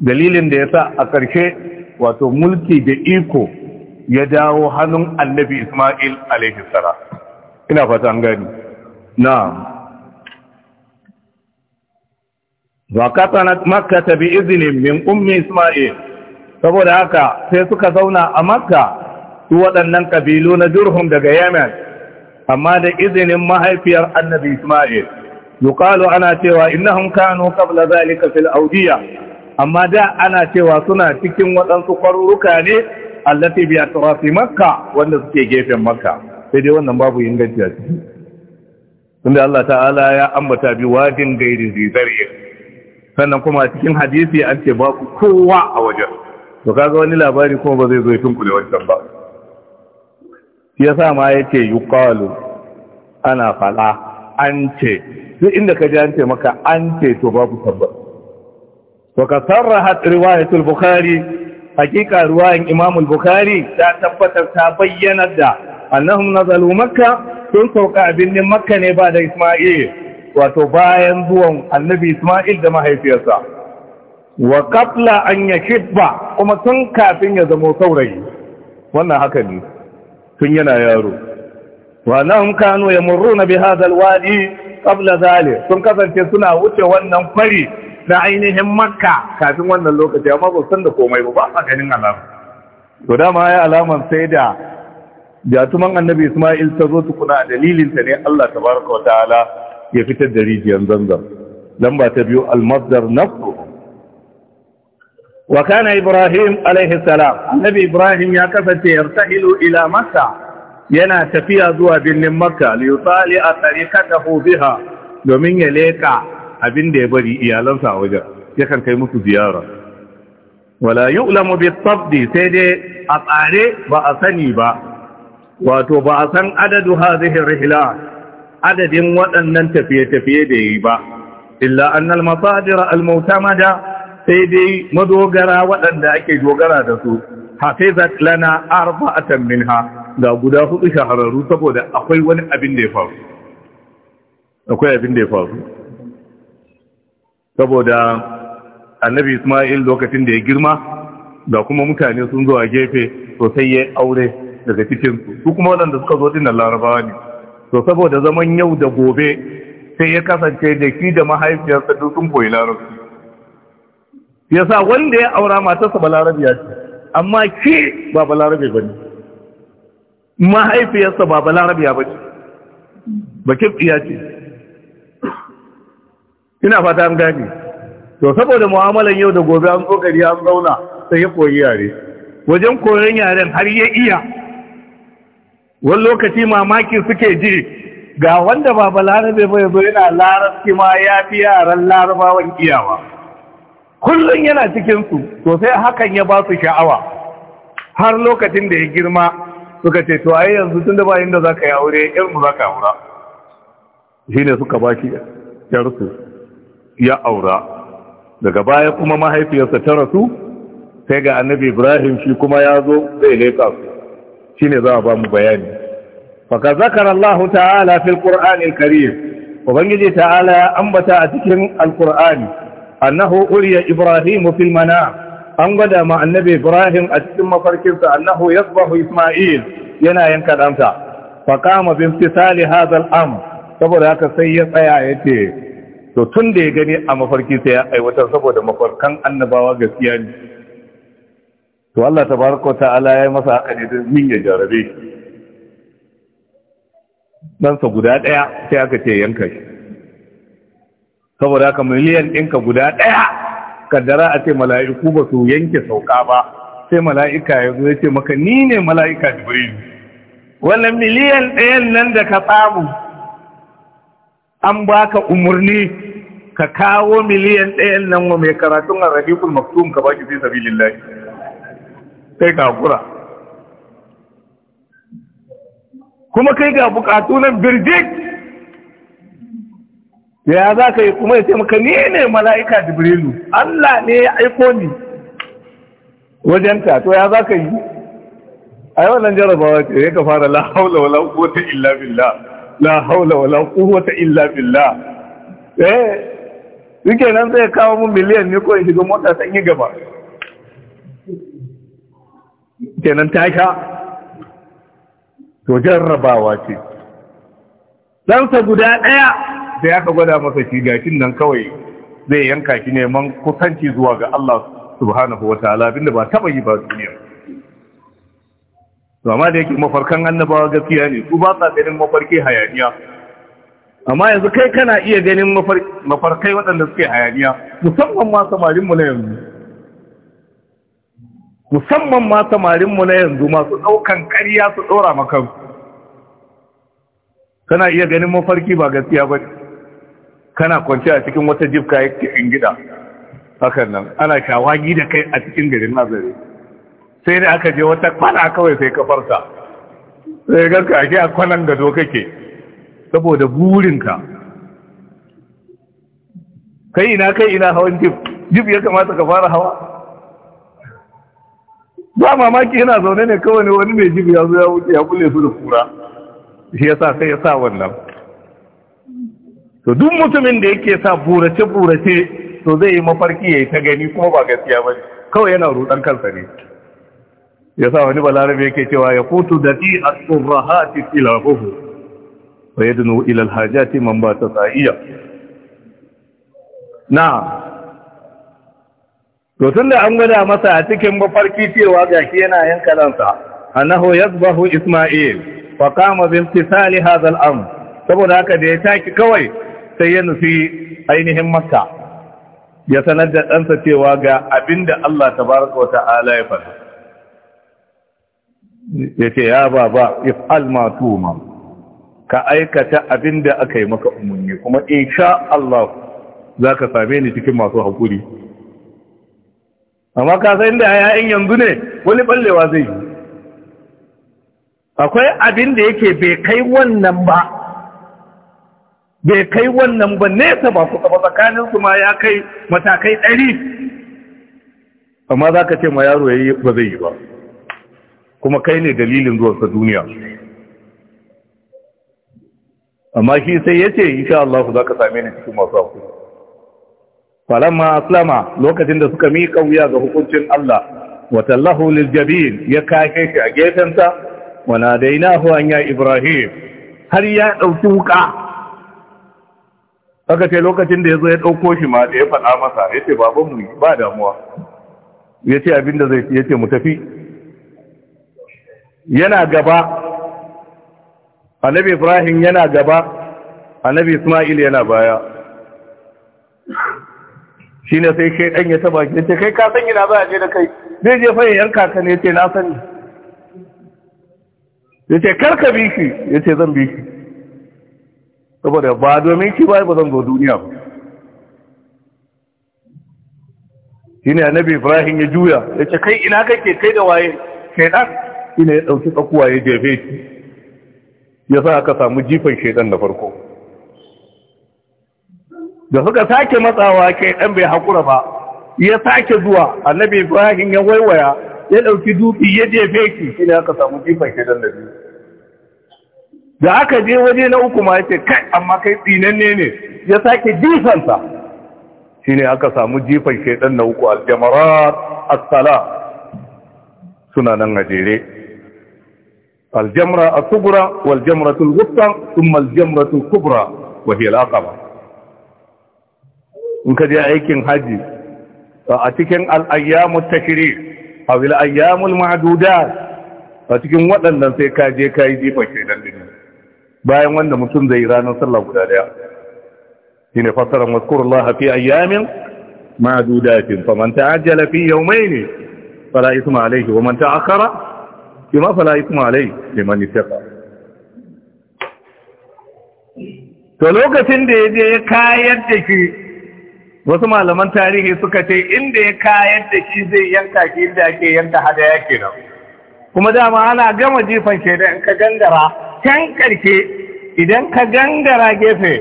dalilin da ya sa a ƙarshe wato mulki da iko ya dawo hannun annabi Ismail alaihi salam ina fata an gani na'am wa makkata bi iznin min ummi isma'il saboda haka sai suka zauna a makka su waɗannan kabilu na jurhum daga yemen amma da izinin mahaifiyar annabi isma'il yuqalu ana cewa innahum kanu qabla zalika fil awdiya amma da ana cewa suna cikin waɗansu kwaruruka ne allati bi atrafi makka wanda suke gefen makka sai dai wannan babu inganci a ciki tunda Allah ta'ala ya ambata bi wadin gairi zizariya sannan kuma cikin hadisi an ce babu kowa a wajen to kaga wani labari kuma ba zai zo ya tunkule wancan ba shi yasa ma ya yace yuqalu ana fala an ce duk inda ka ji an ce maka an ce to babu tabbas to ka sarraha riwayatul bukhari hakika ruwayan imamul bukhari ta tabbatar ta bayyana da annahum nazalu makka sun sauka a birnin makka ne ba da isma'il wato bayan zuwan annabi isma'il da mahaifiyarsa wa qabla an yashibba kuma sun kafin ya zamo saurayi wannan haka ne tun yana yaro wa annahum kanu yamurruna bi hadha alwadi qabla zalik sun kasance suna wuce wannan fari na ainihin makka kafin wannan lokaci amma ba san da komai ba ba ganin alama to dama ya alaman sai da jatuman annabi Ismail ta zo tukuna a dalilinta ne Allah tabaraka wa ta'ala ya fitar da rijiyar zanzan lamba ta biyu al-masdar nafsu wa kana Ibrahim alaihi salam annabi Ibrahim ya kasance yartahilu ila Makka yana tafiya zuwa birnin Makka li yusali a tariqatahu biha domin ya leka abin da ya bari iyalansa a wajen yakan kai musu ziyara wala yu'lamu bi sai dai a tsare ba a sani ba wato ba a san adadu hazihin hila, adadin waɗannan tafiye-tafiye da yi ba illa annal masadira al-mu'tamada sai dai madogara waɗanda ake dogara da su hafizat lana arba'atan minha ga guda hudu shahararru saboda akwai wani abin da ya faru akwai abin da ya faru saboda annabi Ismail lokacin da ya girma da kuma mutane sun zo a gefe sosai sai ya aure daga cikinsu su kuma waɗanda suka zo dinnan larabawa ne to saboda zaman yau da gobe sai ya kasance da shi da mahaifiyarsa duk sun koyi larabci yasa wanda ya aura matarsa balarabiya ce amma ke ba balarabe ba ne mahaifiyarsa ba balarabiya ba ce ba kiftiya ce ina fata an gane. to saboda mu'amalan yau da gobe an zo gari an zauna sai ya koyi yare wajen koyon yaren har ya iya wani lokaci mamaki suke ji ga wanda ba balarabe bai zo yana larabci ma ya fi yaran larabawan iyawa kullum yana cikinsu to sai hakan ya ba su sha'awa har lokacin da ya girma suka ce to ai yanzu tun da bayan da za ka yi aure irin za ka aura shi ne suka ba shi yarsu ya aura daga baya kuma mahaifiyarsa ta rasu sai ga annabi ibrahim shi kuma ya zo zai leka su shine za a ba mu bayani faka zakara ta'ala fil Qur'an ubangiji ta'ala ya ambata a cikin Alƙur'ani. annahu uriya Ibrahim fil an gwada ma annabi Ibrahim a cikin mafarkinsa annahu yasbahu Isma'il yana yanka ɗanta. faka bi imtisali hadha al Am saboda haka sai ya tsaya yace to tun da ya gani a mafarki sai ya aiwatar saboda mafarkan annabawa gaskiya ne to Allah ta wa ta'ala ya masa haka ne min ya jarabe shi ɗansa guda ɗaya sai aka ce yanka shi saboda haka miliyan ɗinka guda ɗaya kaddara a ce mala'iku ba su yanke sauka ba sai mala'ika ya zo ya ce maka ni ne mala'ika jibril wannan miliyan ɗayan nan da ka samu an baka umarni ka kawo miliyan ɗayan nan wa mai karatun a rabi'ul maktum ka baki fi sabilillahi sai ka hakura kuma kai ga bukatu nan birjik ya za ka yi kuma ya ce maka ne ne mala'ika jibrilu Allah ne ya aiko ni wajenta to ya za ka yi a yau nan jarabawa ce ya ka fara la haula wa la’uku wata illa billah la haula wa la’uku wata illa billah eh yake nan zai kawo mun miliyan ne ko in shiga mota ta yi gaba kenan ta sha to jarrabawa ce ɗansa guda ɗaya da ya ka gwada masa shi gashin nan kawai zai yanka shi neman kusanci zuwa ga Allah subhanahu wa ta'ala abinda ba taɓa yi ba duniya to amma da yake mafarkan annabawa gaskiya ne su ba sa ganin mafarki hayaniya amma yanzu kai kana iya ganin mafarkai waɗanda suke hayaniya musamman ma samarin mu na yanzu musamman ma samarinmu na yanzu masu ɗaukan ƙarya su ɗora makan kana iya ganin mafarki ba gaskiya ba kana kwanci a cikin wata jifka ya cikin gida hakan nan ana shawagi da kai a cikin garin nazari sai da aka je wata kwana kawai sai ka farta. sai ga ka ake a kwanan gado kake saboda burinka kai ina kai ina hawan jif, jif ya kamata ka fara hawa ba mamaki yana zaune ne kawai ne wani mai jibi ya zo ya wuce ya kulle su da kura shi sa sai ya sa wannan to duk mutumin da yake sa burace burace to zai yi mafarki ya yi ta gani kuma ba gaskiya ba kawai yana rudan kansa ne sa wani balarabe yake cewa ya kutu da ti a surahati ila wa yadnu ila al man ba ta sa'iya na to tun da an gwada masa a cikin mafarki cewa ga gashi yana yanka ransa annahu yadbahu isma'il fa qama bi imtithali hadha al-amr saboda haka da ya taki kawai sai ya nufi ainihin makka ya sanar da ɗansa cewa ga abinda Allah tabaraka wa ta'ala ya faɗa ce ya baba if'al ma tuma ka aikata abinda aka yi maka umarni kuma insha Allah zaka same ni cikin masu hakuri amma ka inda ya ya'yan yanzu ne wani ballewa zai yi akwai abin da yake bai kai wannan ba bai kai wannan ba nesa ba ku ba tsakanin su ma ya kai matakai ɗari amma za ka ce ma yaro ya yi ba zai yi ba kuma kai ne dalilin zuwansa duniya amma shi sai ya ce insha Allah za ka same ni cikin masu hakuri falamma aslama lokacin da suka miƙa wuya ga hukuncin Allah watallahu liljabin ya kake shi a gefensa wana dainahu an ya ibrahim har ya ɗauki wuka aka ce lokacin da ya zo ya ɗauko shi ma da ya faɗa masa ya ce babanmu ba damuwa ya ce abinda zai ya ce mu tafi yana gaba annabi ibrahim yana gaba annabi ismail yana baya shi ne sai kai ɗan ya taba ki ce kai ka san ina za je da kai zai je fa yan kaka ne ce na sani ya ce kar ka bi shi ya ce zan bi shi saboda ba domin ki ba ba zan zo duniya ba shi ne annabi ibrahim ya juya ya ce kai ina kake kai da waye shaidan shi ne ya ɗauki tsakuwa ya jefe shi ya sa aka samu jifan shaidan na farko da suka sake matsawa kai ɗan bai hakura ba ya sake zuwa annabi ibrahim ya waiwaya ya dauki dubi ya je ki shi ne aka samu jifan ke dan nabi da aka je waje na uku ma yace kai amma kai tsinanne ne ya sake jifansa shi ne aka samu jifan ke dan na uku aljamarat assalam suna nan a jere aljamra asubra waljamratul wusta thumma aljamratul kubra wa hiya alaqaba in ka je aikin haji a cikin al'ayyamu shiri a wil ayyamul ma'aduda a cikin waɗannan sai ka je ka yi jifan shaidan dini bayan wanda mutum zai ranar sallah guda daya shi ne fassarar maskurullah fi ayyamin ma'adudatin faman ta'ajjala fi yawmaini fala isma alaihi wa man ta'akhara kima fala isma alaihi liman ittaqa to lokacin da ya je ya kayar da shi wasu malaman tarihi suka ce inda ya kayar da shi zai yanka shi inda ake yanka ke kenan kuma dama ana gama jifan shaidan in ka gangara can idan ka gangara gefe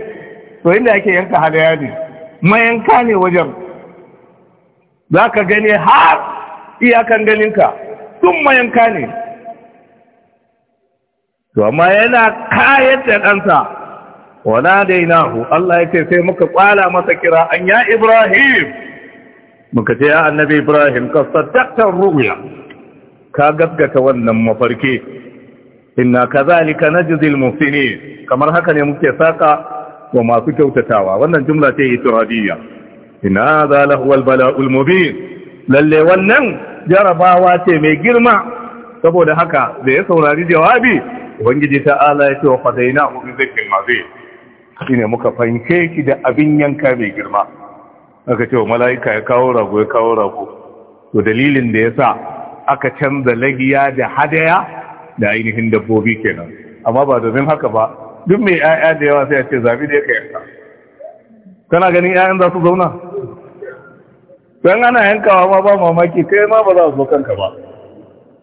to inda ake yanka hadaya ne mayanka ne wajen za ka gani har iyakan ganinka sun mayanka ne to amma yana kayar da ɗansa wala dainahu Allah ya ce sai muka kwala masa kira an ya Ibrahim muka ce ya annabi Ibrahim ka saddaqta ru'ya ka gaggata wannan mafarki inna kazalika najzi al kamar haka ne muke saka wa masu kyautatawa wannan jumla ce itirabiyya inna hadha lahu al mubin lalle wannan jarabawa ce mai girma saboda haka da ya saurari jawabi ubangiji ta'ala ya ce wa fadaina hu zikrin azim ne muka fanke ki da abin yanka mai girma aka ce wa mala'ika ya kawo rago ya kawo rago to dalilin da ya sa aka canza lagiya da hadaya da ainihin dabbobi kenan amma ba domin haka ba duk mai 'ya'ya da yawa sai a ce zaɓi da ya yanka kana ganin 'ya'yan za su zauna don ana yankawa ma ba mamaki kai ma ba za su zo kanka ba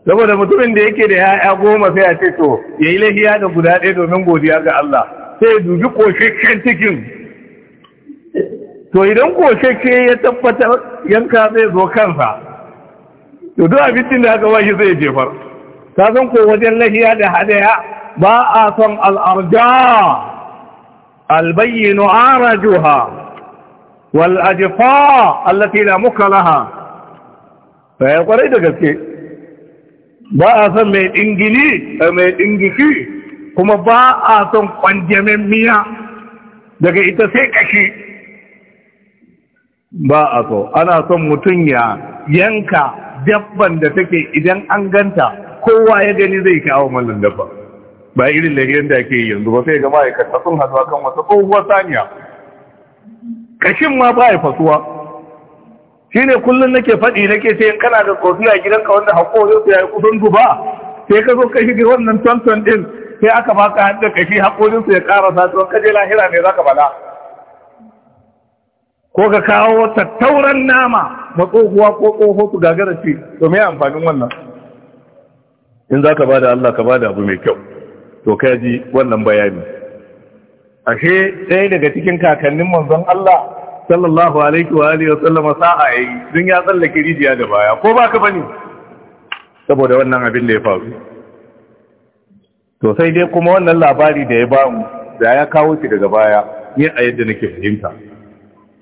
saboda mutumin da yake da ya'ya goma sai a ce to ya yi lahiya da guda ɗaya domin godiya ga Allah sai dubi koshashen cikin to idan koshashe ya tabbatar yanka zai zo kansa to duk abincin da aka bashi zai jefar ta ko wajen lahiya da hadaya ba a son al'arja albayyinu arajuha wal ajfa allati la mukalaha fa ya kwarai da gaske ba a son mai dingili mai dingiki kuma ba a son kwanjamin miya daga ita sai kashi ba a so ana son mutum ya yanka dabban da take idan an ganta kowa ya gani zai kawo mallan dabba ba irin da yadda ake yanzu ba sai ga ma'aikata sun haɗu kan wata tsohuwar saniya kashin ma ba ya fasuwa shi ne kullum nake faɗi nake ce kana da tsofi a gidanka wanda haƙo zai ya kusan duba sai ka zo ka shiga wannan tonton ɗin sai aka baka hannun kashi su ya ƙara satuwan kaje lahira ne za ka bala ko ka kawo tattauran nama tsohuwa ko tsoho su gagara ce to mai amfanin wannan in za ka ba da Allah ka ba da abu mai kyau to ka ji wannan bayani ashe ɗaya daga cikin kakannin manzon Allah sallallahu alaihi wa alihi wa sallama sa'a yayi dun ya tsallake rijiya da baya ko baka bane saboda wannan abin da ya faru to sai dai kuma wannan labari da ya ba mu da ya kawo shi daga baya yin a yadda nake fahimta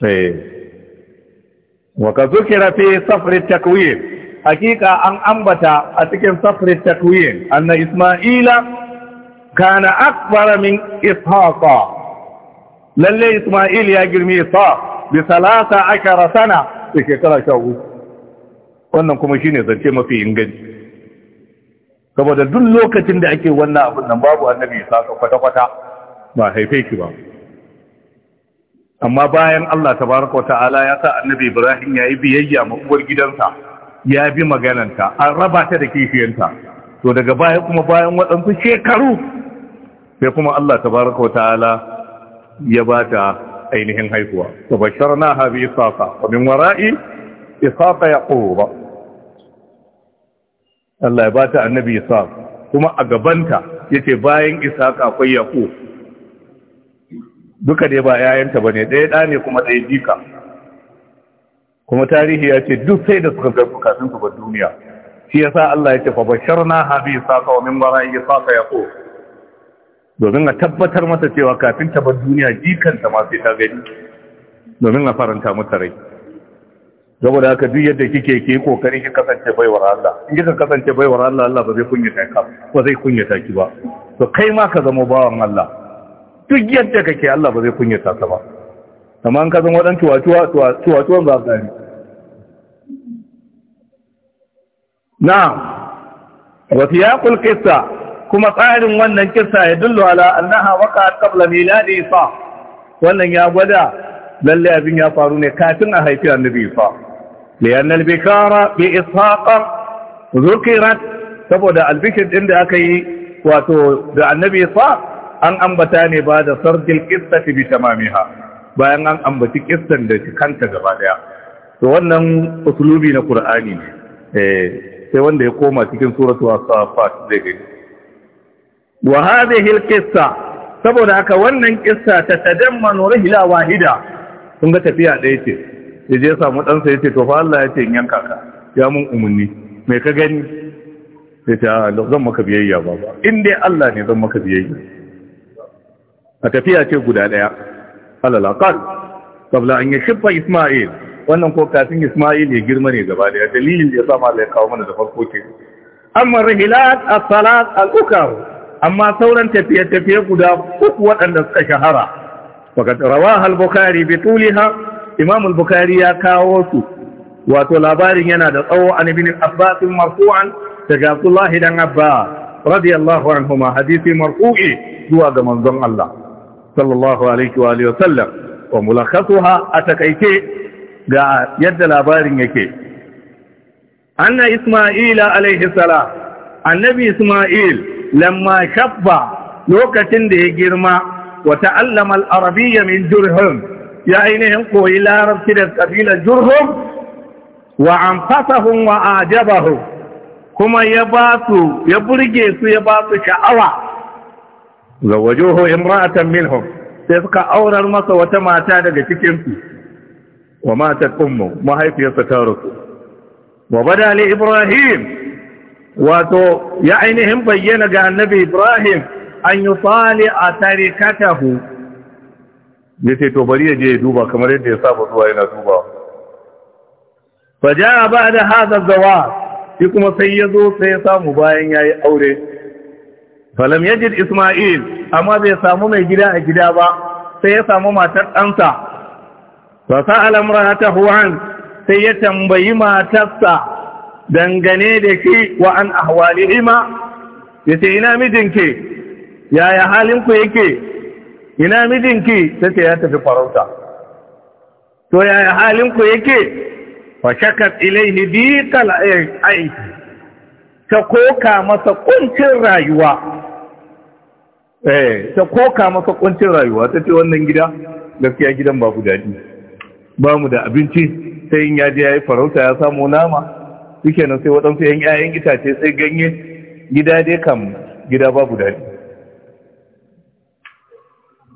eh. wa ka zukira fi safri takwir hakika an ambata a cikin safri takwir anna isma'ila kana akbar min ishaqa lalle isma'il ya girmi ishaq bi salata akara sana da shekara sha wannan kuma shine zance mafi inganci saboda duk lokacin da ake wannan abin nan babu annabi ya isa kwata-kwata ba haife shi ba amma bayan Allah tabaraka ta'ala ya sa annabi Ibrahim ya yi biyayya ma uwar gidansa ya bi magananta an raba ta da kishiyanta to daga baya kuma bayan waɗansu shekaru sai kuma Allah tabaraka ta'ala ya ba ta ainihin haihuwa tabashar na habi isaqa wa min wara'i isaqa yaquba Allah ya ba ta annabi isa kuma a gabanta yace bayan ka akwai yaƙo. duka dai ba yayanta bane ɗaya ɗa ne kuma ɗaya jika kuma tarihi ya ce duk sai da suka garku kafin su ba duniya shi yasa Allah ya ce fa basharna habi ka wa min isa ka yaƙo. domin a tabbatar masa cewa kafin ta ba duniya jikanta ma sai ta gani domin a faranta mata rai saboda haka duk yadda kike ke kokari ki kasance baiwar Allah in kika kasance baiwar Allah Allah ba zai kunyata ka ba zai kunyata ki ba to kai ma ka zama bawan Allah duk yadda kake Allah ba zai kunyata ka ba amma in ka zama wadan tuwatuwa tuwatuwan ba ka Na na'am wa tiyaqul qissa kuma tsarin wannan kissa ya dullu ala annaha waqa'at qabla miladi isa wannan ya gwada lalle abin ya faru ne kafin a haifi annabi isa liyan albikara bi ishaqa zukirat saboda albishir din da aka yi wato da annabi isa an ambata ne ba da sarjil qissati bi tamamiha bayan an ambaci kistan da kanta gaba daya to wannan usulubi na qur'ani ne eh sai wanda ya koma cikin suratu as-safat zai gani wa hadhihi al-qissa saboda haka wannan kista ta tadammanu rihla wahida kun ga tafiya ɗaya ce ya je samu ɗansa ya ce to fa Allah ya ce in yanka ka ya mun umarni mai ka gani Ya ce a ah, zan maka biyayya ba ba in dai Allah ne zan maka biyayya a tafiya ce guda ɗaya alala kan qabla an shifa isma'il wannan ko kafin isma'il ya girma ne gaba daya dalilin da ya sa Allah ya kawo mana da farko ke amma rihilat as-salat al-ukar amma sauran tafiye-tafiye guda uku waɗanda suka shahara faqad rawaha al-bukhari bi tuliha imam al-bukhari ya kawo su wato labarin yana da tsawo an ibn abbas marfu'an daga abdullah dan abbas radiyallahu anhuma hadisi marfu'i zuwa ga manzon Allah sallallahu alaihi wa alihi wasallam wa mulakhasuha atakaice ga yadda labarin yake anna isma'ila alaihi salam annabi isma'il lamma shabba lokacin da ya girma wa ta'allama al-arabiyya min durham ya ainihin koyi larabci da kabilar jurhum wa anfasahum wa ajabahu kuma ya ba su ya burge su ya ba su sha'awa zawajuhu imra'atan minhum sai suka aurar masa wata mata daga cikin su wa matat ummu mahaifiyarsa ta rasu wa bada li ibrahim wato ya ainihin bayyana ga annabi ibrahim an yi tsali a tarikatahu ya ce to bari ya je ya duba kamar yadda ya saba zuwa yana dubawa fa ja ba da hadha zawa shi kuma sai ya zo sai ya samu bayan yayi aure falam yajid isma'il amma bai samu mai gida a gida ba sai ya samu matar ɗansa fa sa'ala imra'atahu an sai ya tambayi matarsa dangane da shi wa an ahwalihima yace ina mijinki yaya halinku yake ina mijinki ta ce ya tafi farauta to yaya halinku yake fa shakat ilaihi biqal aiki ta koka masa kuncin rayuwa eh ta koka masa kuncin rayuwa ta ce wannan gida gaskiya gidan ba ku daɗi ba mu da abinci sai in yaji ya yi farauta ya samu nama suke nan sai waɗansu yan 'ya'yan itace sai ganye gida dai kam gida babu daɗi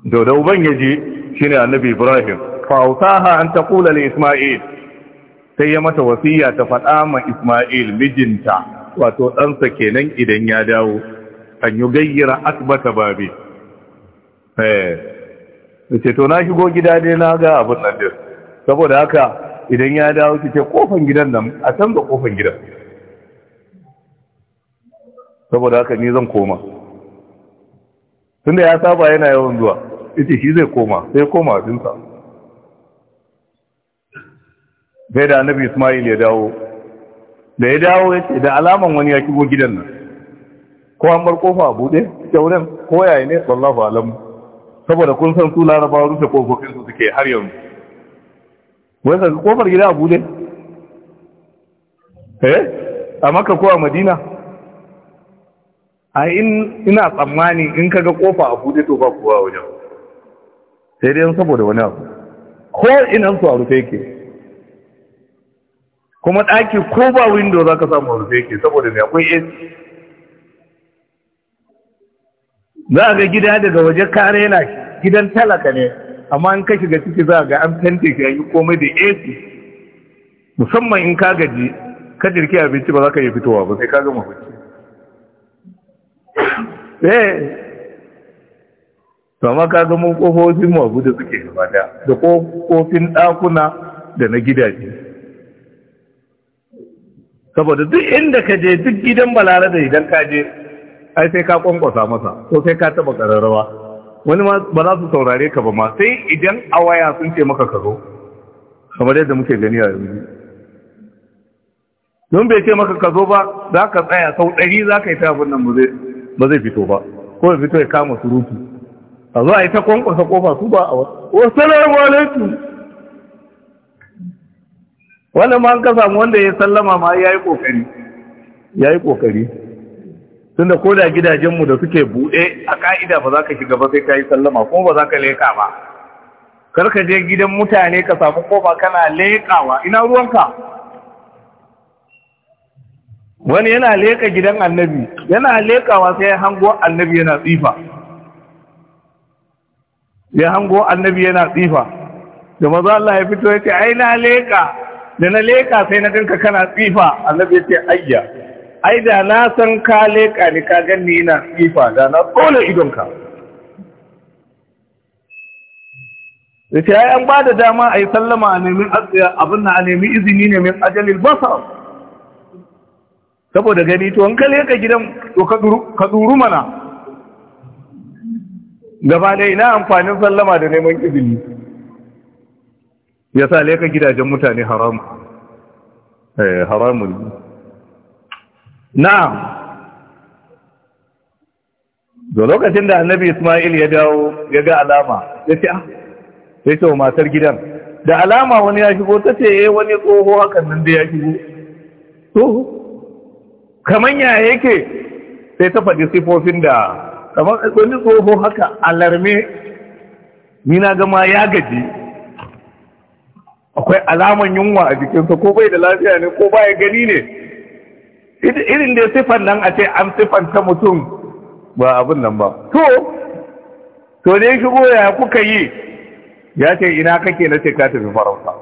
to ubangiji shine annabi ibrahim fa ausaha an taqula li isma'il sai ya mata wasiya ta faɗa ma isma'il mijinta wato ɗansa kenan idan ya dawo an yi gayyara asbata babi eh ce to na shigo gida dai na ga abin nan din saboda haka idan ya dawo kike kofan gidan nan a canza kofan gidan saboda haka ni zan koma tunda ya saba yana yawan zuwa ita shi zai koma sai koma jinsa bai da annabi ismail ya dawo da ya dawo ya ce da alaman wani ya shigo gidan nan ko an bar kofa a buɗe wurin, ko yayi ne wallahu alam saboda kun san su larabawa rufe kofofin su suke har yanzu wai ka kofar gida a buɗe eh a makka ko a madina a in ina tsammani in kaga kofa a bude to ba kowa wajen sai dai saboda wani abu ko ina su a rufe yake kuma ɗaki ko ba window zaka samu a rufe yake saboda me akwai ac za a ga gida daga waje kare yana gidan talaka ne amma in ka shiga ciki za a ga an fente shi an yi komai da ac musamman in ka gaji ka jirki abinci ba za ka iya fitowa ba sai ka gama fice Sai eh. to amma kaga kofofin mabu da suke gaba da da kofofin ɗakuna da na gidaje saboda duk inda ka je duk gidan balare da idan ka je ai sai ka kwankwasa masa ko sai ka taba ƙararrawa. wani ma ba za su saurare ka ba ma sai idan a waya sun ce maka ka zo kamar yadda muke gani a yanzu don bai ce maka ka zo ba za ka tsaya sau ɗari za ka yi ta abin nan mu zai ba zai fito ba ko ya fito ya kama surutu a zo a yi ta kwankwasa kofa su ba a wasu salamu alaikum wanda ma an ka samu wanda ya sallama ma ya yi kokari ya yi kokari tunda ko da gidajenmu da suke buɗe a ka'ida ba za ka shiga ba sai ka yi sallama kuma ba za ka leka ba kar ka je gidan mutane ka samu kofa kana lekawa ina ruwanka wani yana leka gidan annabi yana lekawa sai ya hango annabi yana tsifa ya hango annabi yana tsifa da maza Allah ya fito ya ce ai na leka da na leka sai na ganka kana tsifa annabi ya ce ayya ai da na san ka leka ni ka ganni yana tsifa da na tsola idonka ya ce ai an ba da dama a yi sallama a nemi abin na a nemi izini ne min ajalil basar saboda gani to an kale ka gidan to ka duru mana gaba da ina amfanin sallama da neman izini ya sa leka gidajen mutane haram eh, haramun na'am da lokacin da annabi ismail ya dawo ya ga alama ya ce ah ya ce wa matar gidan da alama wani ya shigo ta ce eh wani tsoho hakan nan da ya shigo tsoho kamar ya yake sai ta faɗi sifofin da kamar wani tsoho haka alarme nina gama ya gaji akwai alaman yunwa a jikinsa ko bai da lafiya ne ko baya gani ne irin da sifan nan a ce an sifanta mutum ba abin nan ba to to ne shigo ya kuka yi ya ce ina kake na ce ka tafi farauta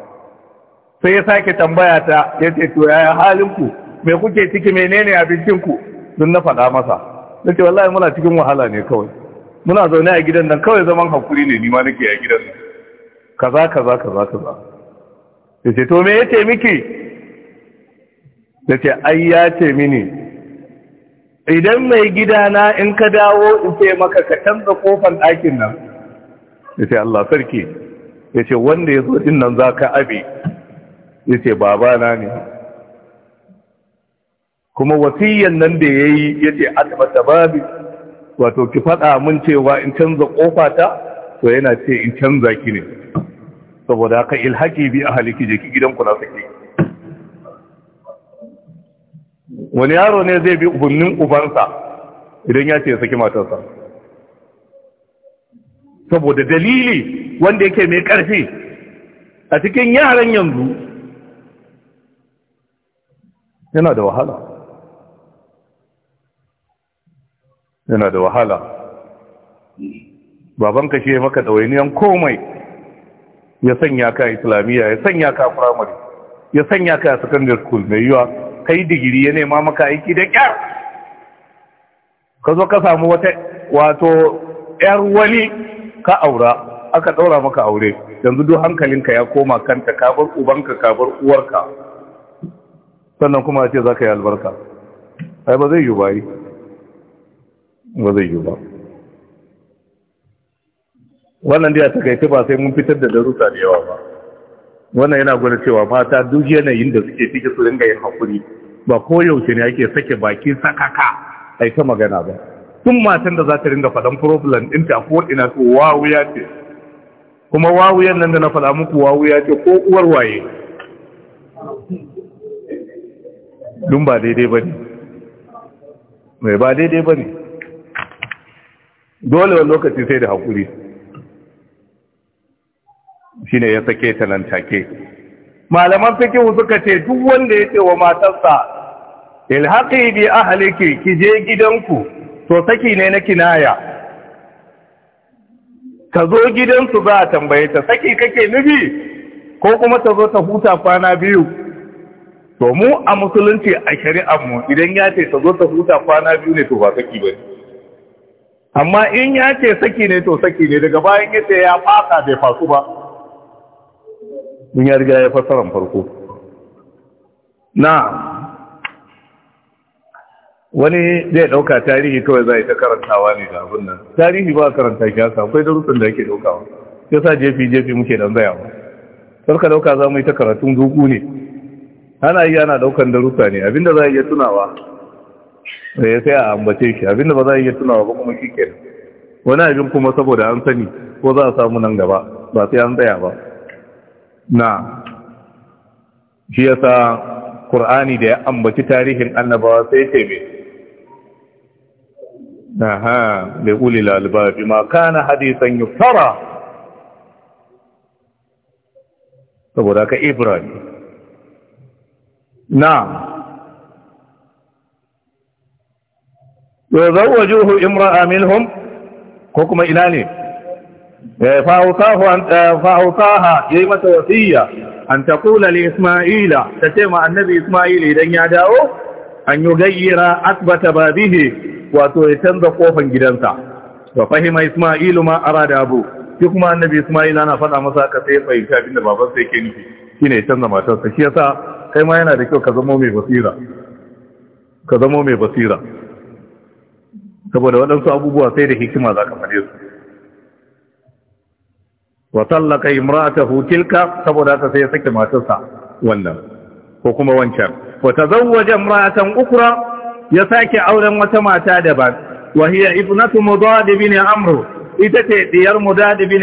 sai ya sake tambaya ta ya ce to yaya halinku me kuke ciki menene abincin ku dun na faɗa masa nake wallahi muna cikin wahala ne kawai muna zaune a gidan nan kawai zaman hakuri ne ni ma nake a gidan nan kaza kaza kaza kaza yace to me yace miki yace ai ya ce mini idan mai gidana in ka dawo in ce maka ka canza kofar ɗakin nan yace Allah sarki yace wanda ya zo din nan zaka abi yace babana ne kuma wasiyyan nan da ya yi yayi yace asbata babu wato ki faɗa mun cewa in canza kofa ta to yana ce in canza ki ne saboda haka ilhaki bi a je ki gidanku na sake wani yaro ne zai bi hunnin ubansa idan ya ce ya saki matarsa saboda dalili wanda yake mai ƙarfi a cikin yaran yanzu yana da wahala yana da wahala babanka shi ya maka ɗawainiyan komai ya sanya ka islamiyya ya sanya ka firamare ya sanya ka secondary school mai yiwa kai digiri ya nema maka aiki da kyar ka zo ka samu wata wato yar wani ka aura aka ɗaura maka aure yanzu duk hankalinka ya koma kanta kabar ubanka kabar uwarka sannan kuma ce za ka yi albarka ai ba zai yi bayi ba zai yi ba wannan da ya takaice ba sai mun fitar da darussa da yawa ba wannan yana gwada cewa mata duk yanayin da suke ciki su dinga yin hakuri ba ko yaushe ne ake sake baki sakaka a ta magana ba tun matan da za ta ringa faɗan problem ɗin ta ko ina to wawuya ce kuma wawuyan nan da na faɗa muku wawuya ce ko uwar waye dun ba daidai ba ne mai ba daidai ba ne dole wani lokaci sai da haƙuri shi ne ya sake ta nan malaman fikihu suka ce duk wanda ya ce wa matarsa ilhaƙi bi halike ki je gidanku to saki ne na kinaya ka zo gidansu za a tambaye ta saki kake nufi ko kuma ta zo ta huta kwana biyu to mu a musulunci a shari'ar mu idan ya ce ta zo ta huta kwana biyu ne to ba saki ba ne amma in ya ce saki ne to saki ne daga bayan ya ya fasa bai fasu ba in ya riga ya fasaran farko na wani zai dauka tarihi kawai zai ta karantawa ne da abin nan tarihi ba karanta ki haka akwai darussan da ake daukawa ya sa jefi jefi muke dan zayawa sarka dauka za mu yi ta karatun zuku ne ana yi ana daukan darussa ne abinda za a iya tunawa ya eh, sai a ambace shi abinda ba za a iya tunawa ba kuma shi wani abin kuma saboda an sani ko za a samu nan gaba ba sai an tsaya ba na shi yasa qur'ani da ya ambaci tarihin annabawa sai ce me aha bi ulil albab ma kana hadithan yuftara saboda ka ibrahim na yuzawwajuhu imra'a minhum ko kuma ina ne fa'utahu ya yi yayi mata wasiya an taqula li isma'ila ce ma annabi isma'il idan ya dawo an yugayyira akbata babihi wato ya canza kofan gidansa wa fahima isma'ilu ma da abu shi kuma annabi isma'il ana faɗa masa ka sai fahimci abin da sai yake nufi shi ya canza matarsa shi yasa kai ma yana da kyau ka zamo mai basira ka zamo mai basira saboda waɗansu abubuwa sai da hikima za ka faɗe su wa tallaka imra'atahu hutilka saboda ta sai ya saki matarsa wannan ko kuma wancan wa tazawwaja imra'atan ukra ya sake auren wata mata daban wa ibnatu mudad Amru amr ita ce diyar mudad ibn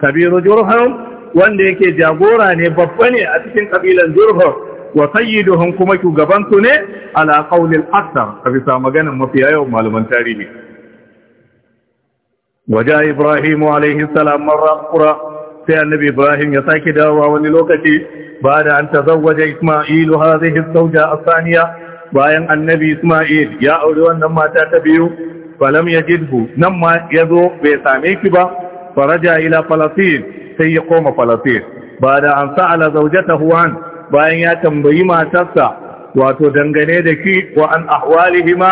kabiru jurhum wanda yake jagora ne babba ne a cikin kabilan jurhum wa sayyiduhum kuma shugaban ne ala qawlil akthar ka bisa maganan mafi yawan malaman tarihi waja ibrahim alaihi salam marra sai annabi ibrahim ya sake dawowa wani lokaci ba da an tazawwaja isma'ilu hadhihi zawja Asaniya. bayan annabi isma'il ya auri wannan mata ta biyu falam yajidhu nan ma zo bai same ki ba faraja ila falasin sai ya koma falasin ba da an sa'ala zawjatahu an bayan ya tambayi matarsa wato dangane da shi wa an ahwalihima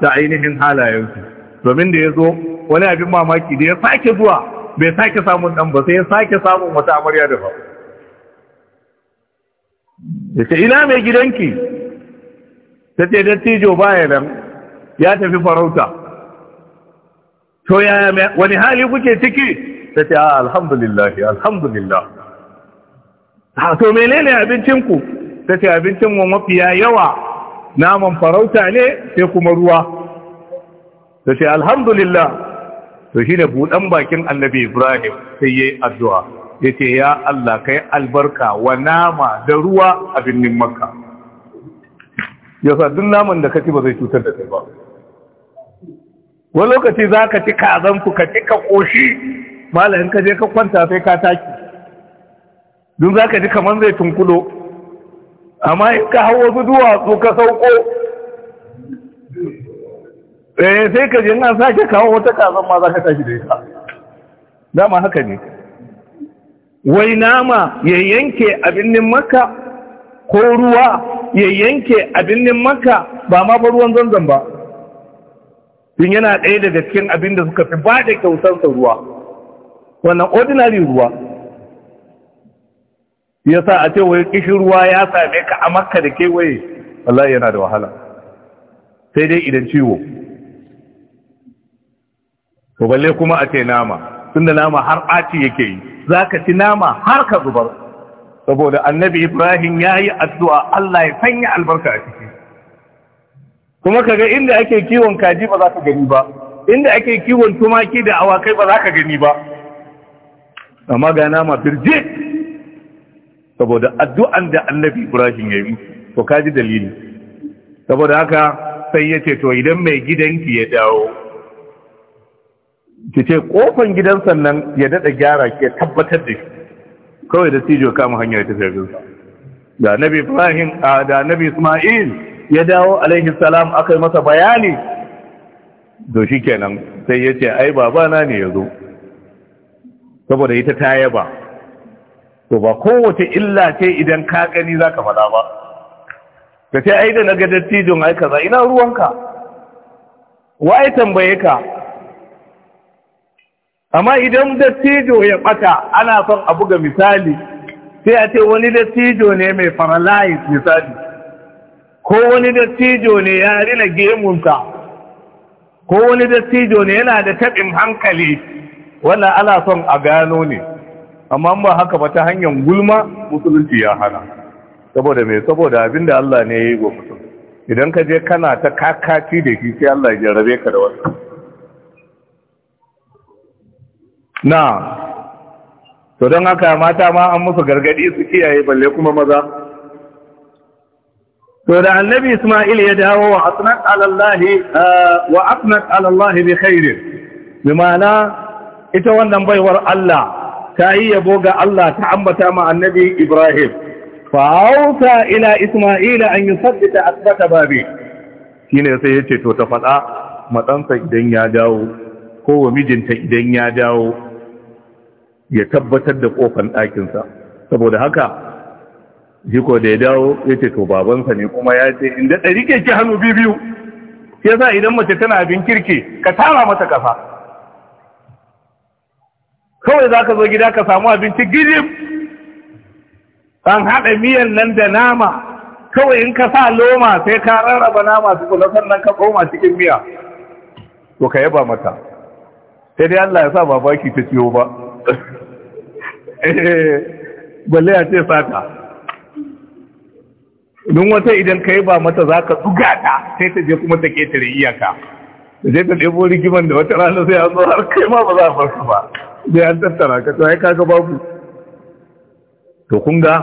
da ainihin halayensu domin da ya zo wani abin mamaki da ya sake zuwa bai sake samun ɗan ba sai ya sake samun wata amarya da ba Ya ce ina mai gidanki ta ce dattijo baya nan ya tafi farauta to ya wani hali kuke ciki ta ce alhamdulillah alhamdulillah ha to menene abincin ku ce abincin mu mafiya yawa naman farauta ne sai kuma ruwa ta ce alhamdulillah to shine budan bakin annabi ibrahim sai yayi addu'a yace ya Allah kai albarka wa nama da ruwa a binnin makka yasa duk naman da kace ba zai cutar da kai ba wani lokaci za ka ci kazan ku ka ci ka ƙoshi malayin ka je ka kwanta sai ka taki don za ka ji kamar zai tunkulo amma in ka hau wasu duwatsu ka sauko eh sai ka ji nan sake kawo wata kazan ma za ka tashi da ita dama haka ne wai nama ya yanke abin birnin maka ko ruwa ya yanke abin birnin maka ba ma ba ruwan zanzan ba tun yana ɗaya daga cikin abin da suka fi ba da kyautar ruwa wannan ordinary ruwa ya sa a ce wai kishirwa ya same ka a makka da kewaye wallahi yana da wahala sai dai idan ciwo to balle kuma a ce nama tunda nama har ɓaci yake yi za ka ci nama har ka zubar saboda annabi ibrahim ya yi addu'a allah ya sanya albarka a ciki kuma kaga inda ake kiwon kaji ba za ka gani ba inda ake kiwon tumaki da awakai ba za ka gani ba amma ga nama firje saboda addu'an da annabi ibrahim ya yi to kaji dalili saboda haka sai ya ce to idan mai gidanki ya dawo ki ce kofan gidan sannan ya daɗa gyara ke tabbatar da shi kawai da tijo kama hanyar ta tafi da nabi ibrahim da nabi isma'il ya dawo alaihi salam aka yi masa bayani to shi kenan sai ya ce ai babana ne ya zo saboda ita ta yaba to ba kowace illa ce idan ka gani za ka faɗa ba ka ce ai da na ga dattijon aika kaza ina ruwanka ai tambaye ka amma idan dattijo ya ɓata ana son a buga misali sai a ce wani dattijo ne mai paralyzed misali ko wani dattijo ne ya rina gemunsa ko wani dattijo ne yana da taɓin hankali wannan ana son a gano ne amma ba haka ba ta hanyar gulma musulunci ya hana saboda mai saboda abin da Allah ne ya yi wa mutum idan ka je kana ta kakaci da shi sai Allah ya jarrabe ka da wasu na to don haka mata ma an musu gargadi su kiyaye balle kuma maza to da annabi Isma'il ya dawo wa asnat ala Allah wa asnat ala Allah bi khair bi ma'ana ita wannan baiwar Allah ta yi yabo ga Allah ta ambata ma annabi Ibrahim fa'auta ila Isma'ila an yi sabbata asbata babi shine sai ya ce to ta faɗa matsansa idan ya dawo ko wa mijinta idan ya dawo ya tabbatar da kofan ɗakinsa saboda haka jiko da ya dawo yace ce to babansa ne kuma ya ce inda ɗari ke ki hannu biyu biyu sai sa idan mace tana bin kirki ka tara mata kafa kawai za ka zo gida ka samu abinci gijim an haɗa miyan nan da nama kawai in ka sa loma sai ka rarraba nama su kula sannan ka koma cikin miya to ka yaba mata sai dai Allah ya sa babaki ta ciwo ba balle ya ce sata don wata idan ka yaba mata za ka tsuga ta sai ta je kuma ta ketare iyaka da je ta ɗebo rigiman da wata rana sai a zo har kai ma ba za a farka ba da an tattara ka to ai kaga babu to kun ga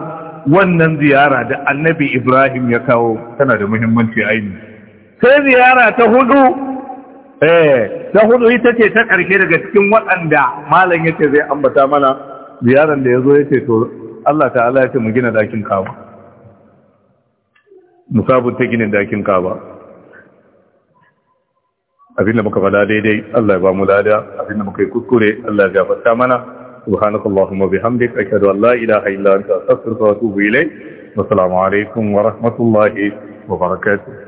wannan ziyara da annabi Ibrahim ya kawo tana da muhimmanci aini sai ziyara ta hudu eh ta hudu ita ce ta karshe daga cikin waɗanda malam yace zai ambata mana ziyaran da yazo yace to Allah ta'ala ya ce mu gina dakin kaba, musabu ta ginin dakin kaba. abinda muka faɗa daidai Allah ya ba mu lada abinda muka yi kuskure Allah ya gafarta mana subhanakallahumma bihamdik ashhadu an la ilaha illa anta astaghfiruka wa atubu ilayk wa assalamu alaikum wa rahmatullahi wa barakatuh